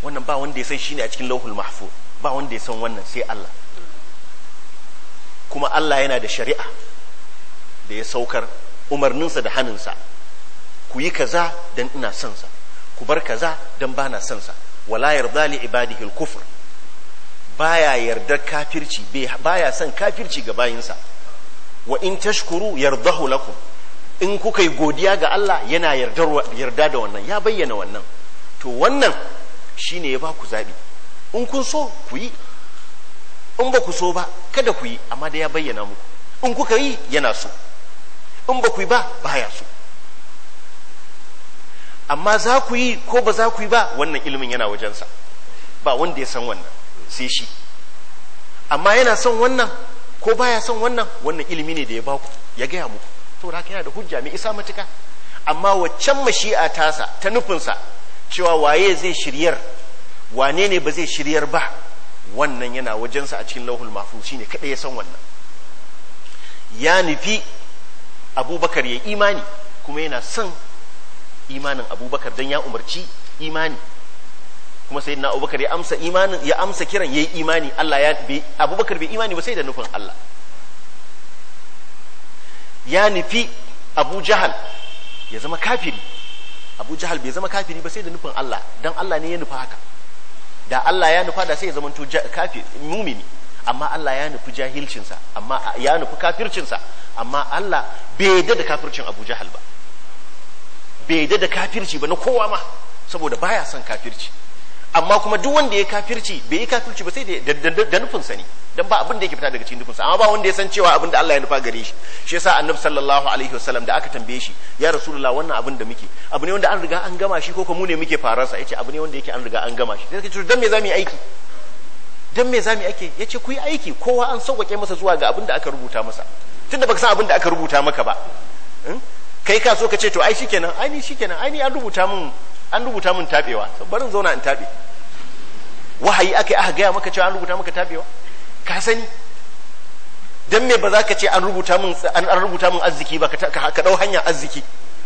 wannan ba wanda ya san shine a cikin lauhul mahfuz ba wanda ya san wannan sai Allah kuma Allah yana da shari'a da ya saukar umarninsa da hannunsa ku yi kaza dan ina sansa ku bar kaza dan bana sonsa sansa wala yarda li ibadihi al baya yarda kafirci baya son kafirci ga bayinsa wa in tashkuru yardahu lakum in kuka yi godiya ga Allah yana yarda da wannan ya bayyana wannan to wannan shine ya ba ku zabi in kun so ku yi in ba ku so ba kada ku yi amma da ya bayyana muku in kuka yi yana so in ba ku yi ba baya so amma za ku yi ko ba za ku yi ba wannan ilimin yana wajensa ba wanda ya san wannan sai shi amma yana son wannan ko baya son wannan wannan ilimi ne da ya baku ya gaya muku to haka yana da hujja mai isa matuka amma waccan mashi'a tasa ta nufinsa cewa waye zai shiryar wane ne ba zai shiryar ba wannan yana wajensa a cikin lauhul mahfuz shine kada ya san wannan ya nufi abubakar ya imani kuma yana son imanin abubakar don ya umarci imani kuma sai na abubakar ya amsa imanin ya amsa kiran ya yi imani Allah ya abubakar bai imani ba sai da nufin Allah ya nufi abu jahal ya zama kafiri abu jahal bai zama kafiri ba sai da nufin Allah don Allah ne ya nufa haka da Allah ya nufa da sai ya zamanto kafir mumini amma Allah ya nufi jahilcinsa amma ya nufi kafircinsa amma Allah bai yadda da kafircin Abu Jahal ba bai yadda da kafirci ba na kowa ma saboda baya son kafirci amma kuma duk wanda ya kafirci bai yi kafirci ba sai da nufin sani ne dan ba abin da yake fita daga cikin dukunsa amma ba wanda ya san cewa abin da Allah ya nufa gare shi shi yasa annabi sallallahu alaihi wasallam da aka tambaye shi ya rasulullah wannan abin da muke abu ne wanda an riga an gama shi ko kuma mu ne muke fararsa yace abu ne wanda yake an riga an gama shi sai kace dan me zamu yi aiki dan me zamu yi aiki yace ku yi aiki kowa an sauƙaƙe masa zuwa ga abin da aka rubuta masa tunda baka san abin da aka rubuta maka ba hmm? kai ka so ka ce to ai shikenan ai ni shikenan ai ni an rubuta mun an rubuta mun tabewa bari in zauna in tabe wahayi aka aka gaya maka cewa an rubuta maka tabewa ka sani dan me ba za ka ce an rubuta min an arziki ba ka dau hanya arziki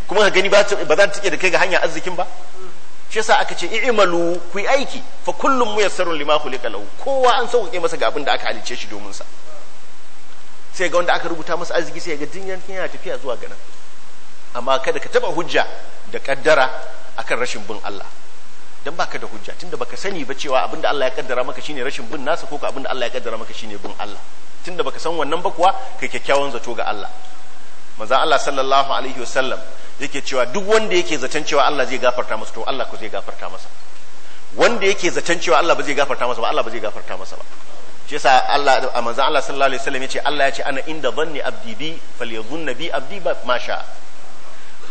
kuma ka gani ba za ta da kai ga hanya arzikin ba shi yasa aka ce i'malu ku yi aiki fa kullum muyassarun lima khuliqa lahu kowa an sauke masa ga abin da aka halice shi domin sa sai ga wanda aka rubuta masa arziki sai ga dinyan yana tafiya zuwa ga nan amma kada ka taba hujja da kaddara akan rashin bin Allah don baka da hujja tunda baka sani ba cewa abinda Allah ya kaddara maka shine rashin bin nasa ko abinda Allah ya kaddara maka shine bin Allah tunda baka san wannan ba kuwa kai kyakkyawan zato ga Allah manzo Allah sallallahu alaihi wasallam yake cewa duk wanda yake zaton cewa Allah zai gafarta masa to Allah ko zai gafarta masa wanda yake zaton cewa Allah ba zai gafarta masa ba Allah ba zai gafarta masa ba shi yasa Allah manzo Allah sallallahu alaihi wasallam yace Allah ya ce ana inda zanni abdi bi falyadhunna bi abdi ma sha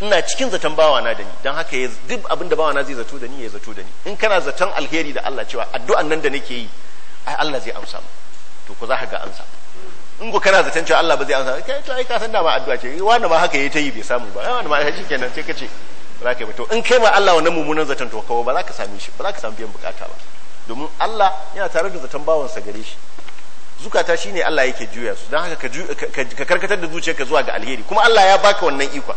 ina cikin zaton bawana da ni don haka duk abin da bawana zai zato da ni ya zato da ni in kana zaton alheri da Allah cewa addu'an nan da nake yi ai Allah zai amsa mu to ku za ka ga amsa in ku kana zaton cewa Allah ba zai amsa kai to ai ka san da ma addu'a ce wani ma haka yayi ta yi bai samu ba wani ma shi kenan sai ka ce ba za ka yi to in kai ma Allah wannan mummunan zaton to kawai ba za ka same shi ba za ka samu biyan bukata ba domin Allah yana tare da zaton bawansa gare shi zukata shine Allah yake juya su don haka ka karkatar da zuciyarka zuwa ga alheri kuma Allah ya baka wannan ikon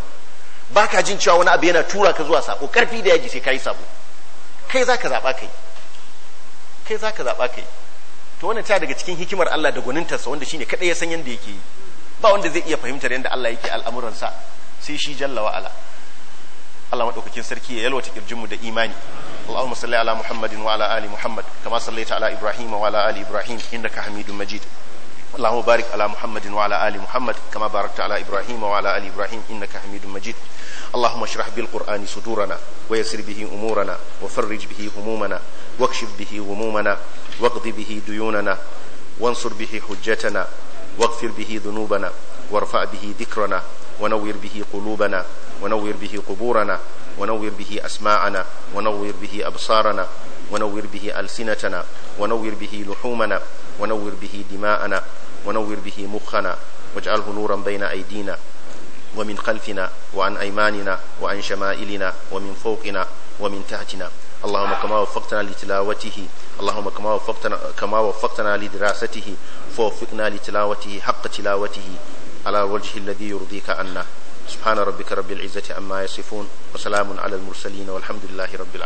baka jin cewa wani abu yana tura ka zuwa sako karfi da yaji sai kai sako kai zaka zaba kai kai zaka zaba kai to wannan ta daga cikin hikimar Allah da gwanintarsa wanda shine kadai ya san yanda yake yi ba wanda zai iya fahimtar yanda Allah yake al'amuransa sai shi jalla wa ala Allah madaukakin sarki ya yalwata kirjinmu da imani ala Muhammadin wa ala Ali Muhammad kama sallaita ala Ibrahim wa ala ali Ibrahim innaka Hamidum Majid. اللهم بارك على محمد وعلى آل محمد كما باركت على إبراهيم وعلى آل إبراهيم إنك حميد مجيد اللهم اشرح بالقرآن صدورنا ويسر به أمورنا وفرج به همومنا واكشف به غمومنا واقض به ديوننا وانصر به حجتنا واغفر به ذنوبنا وارفع به ذكرنا ونور به قلوبنا ونور به قبورنا ونور به أسماعنا ونور به أبصارنا ونور به ألسنتنا ونور به لحومنا ونور به دماءنا ونور به مخنا واجعله نورا بين أيدينا ومن خلفنا وعن أيماننا وعن شمائلنا ومن فوقنا ومن تحتنا اللهم كما وفقتنا لتلاوته اللهم كما وفقتنا كما وفقتنا لدراسته فوفقنا لتلاوته حق تلاوته على الوجه الذي يرضيك عنا سبحان ربك رب العزة عما يصفون وسلام على المرسلين والحمد لله رب العالمين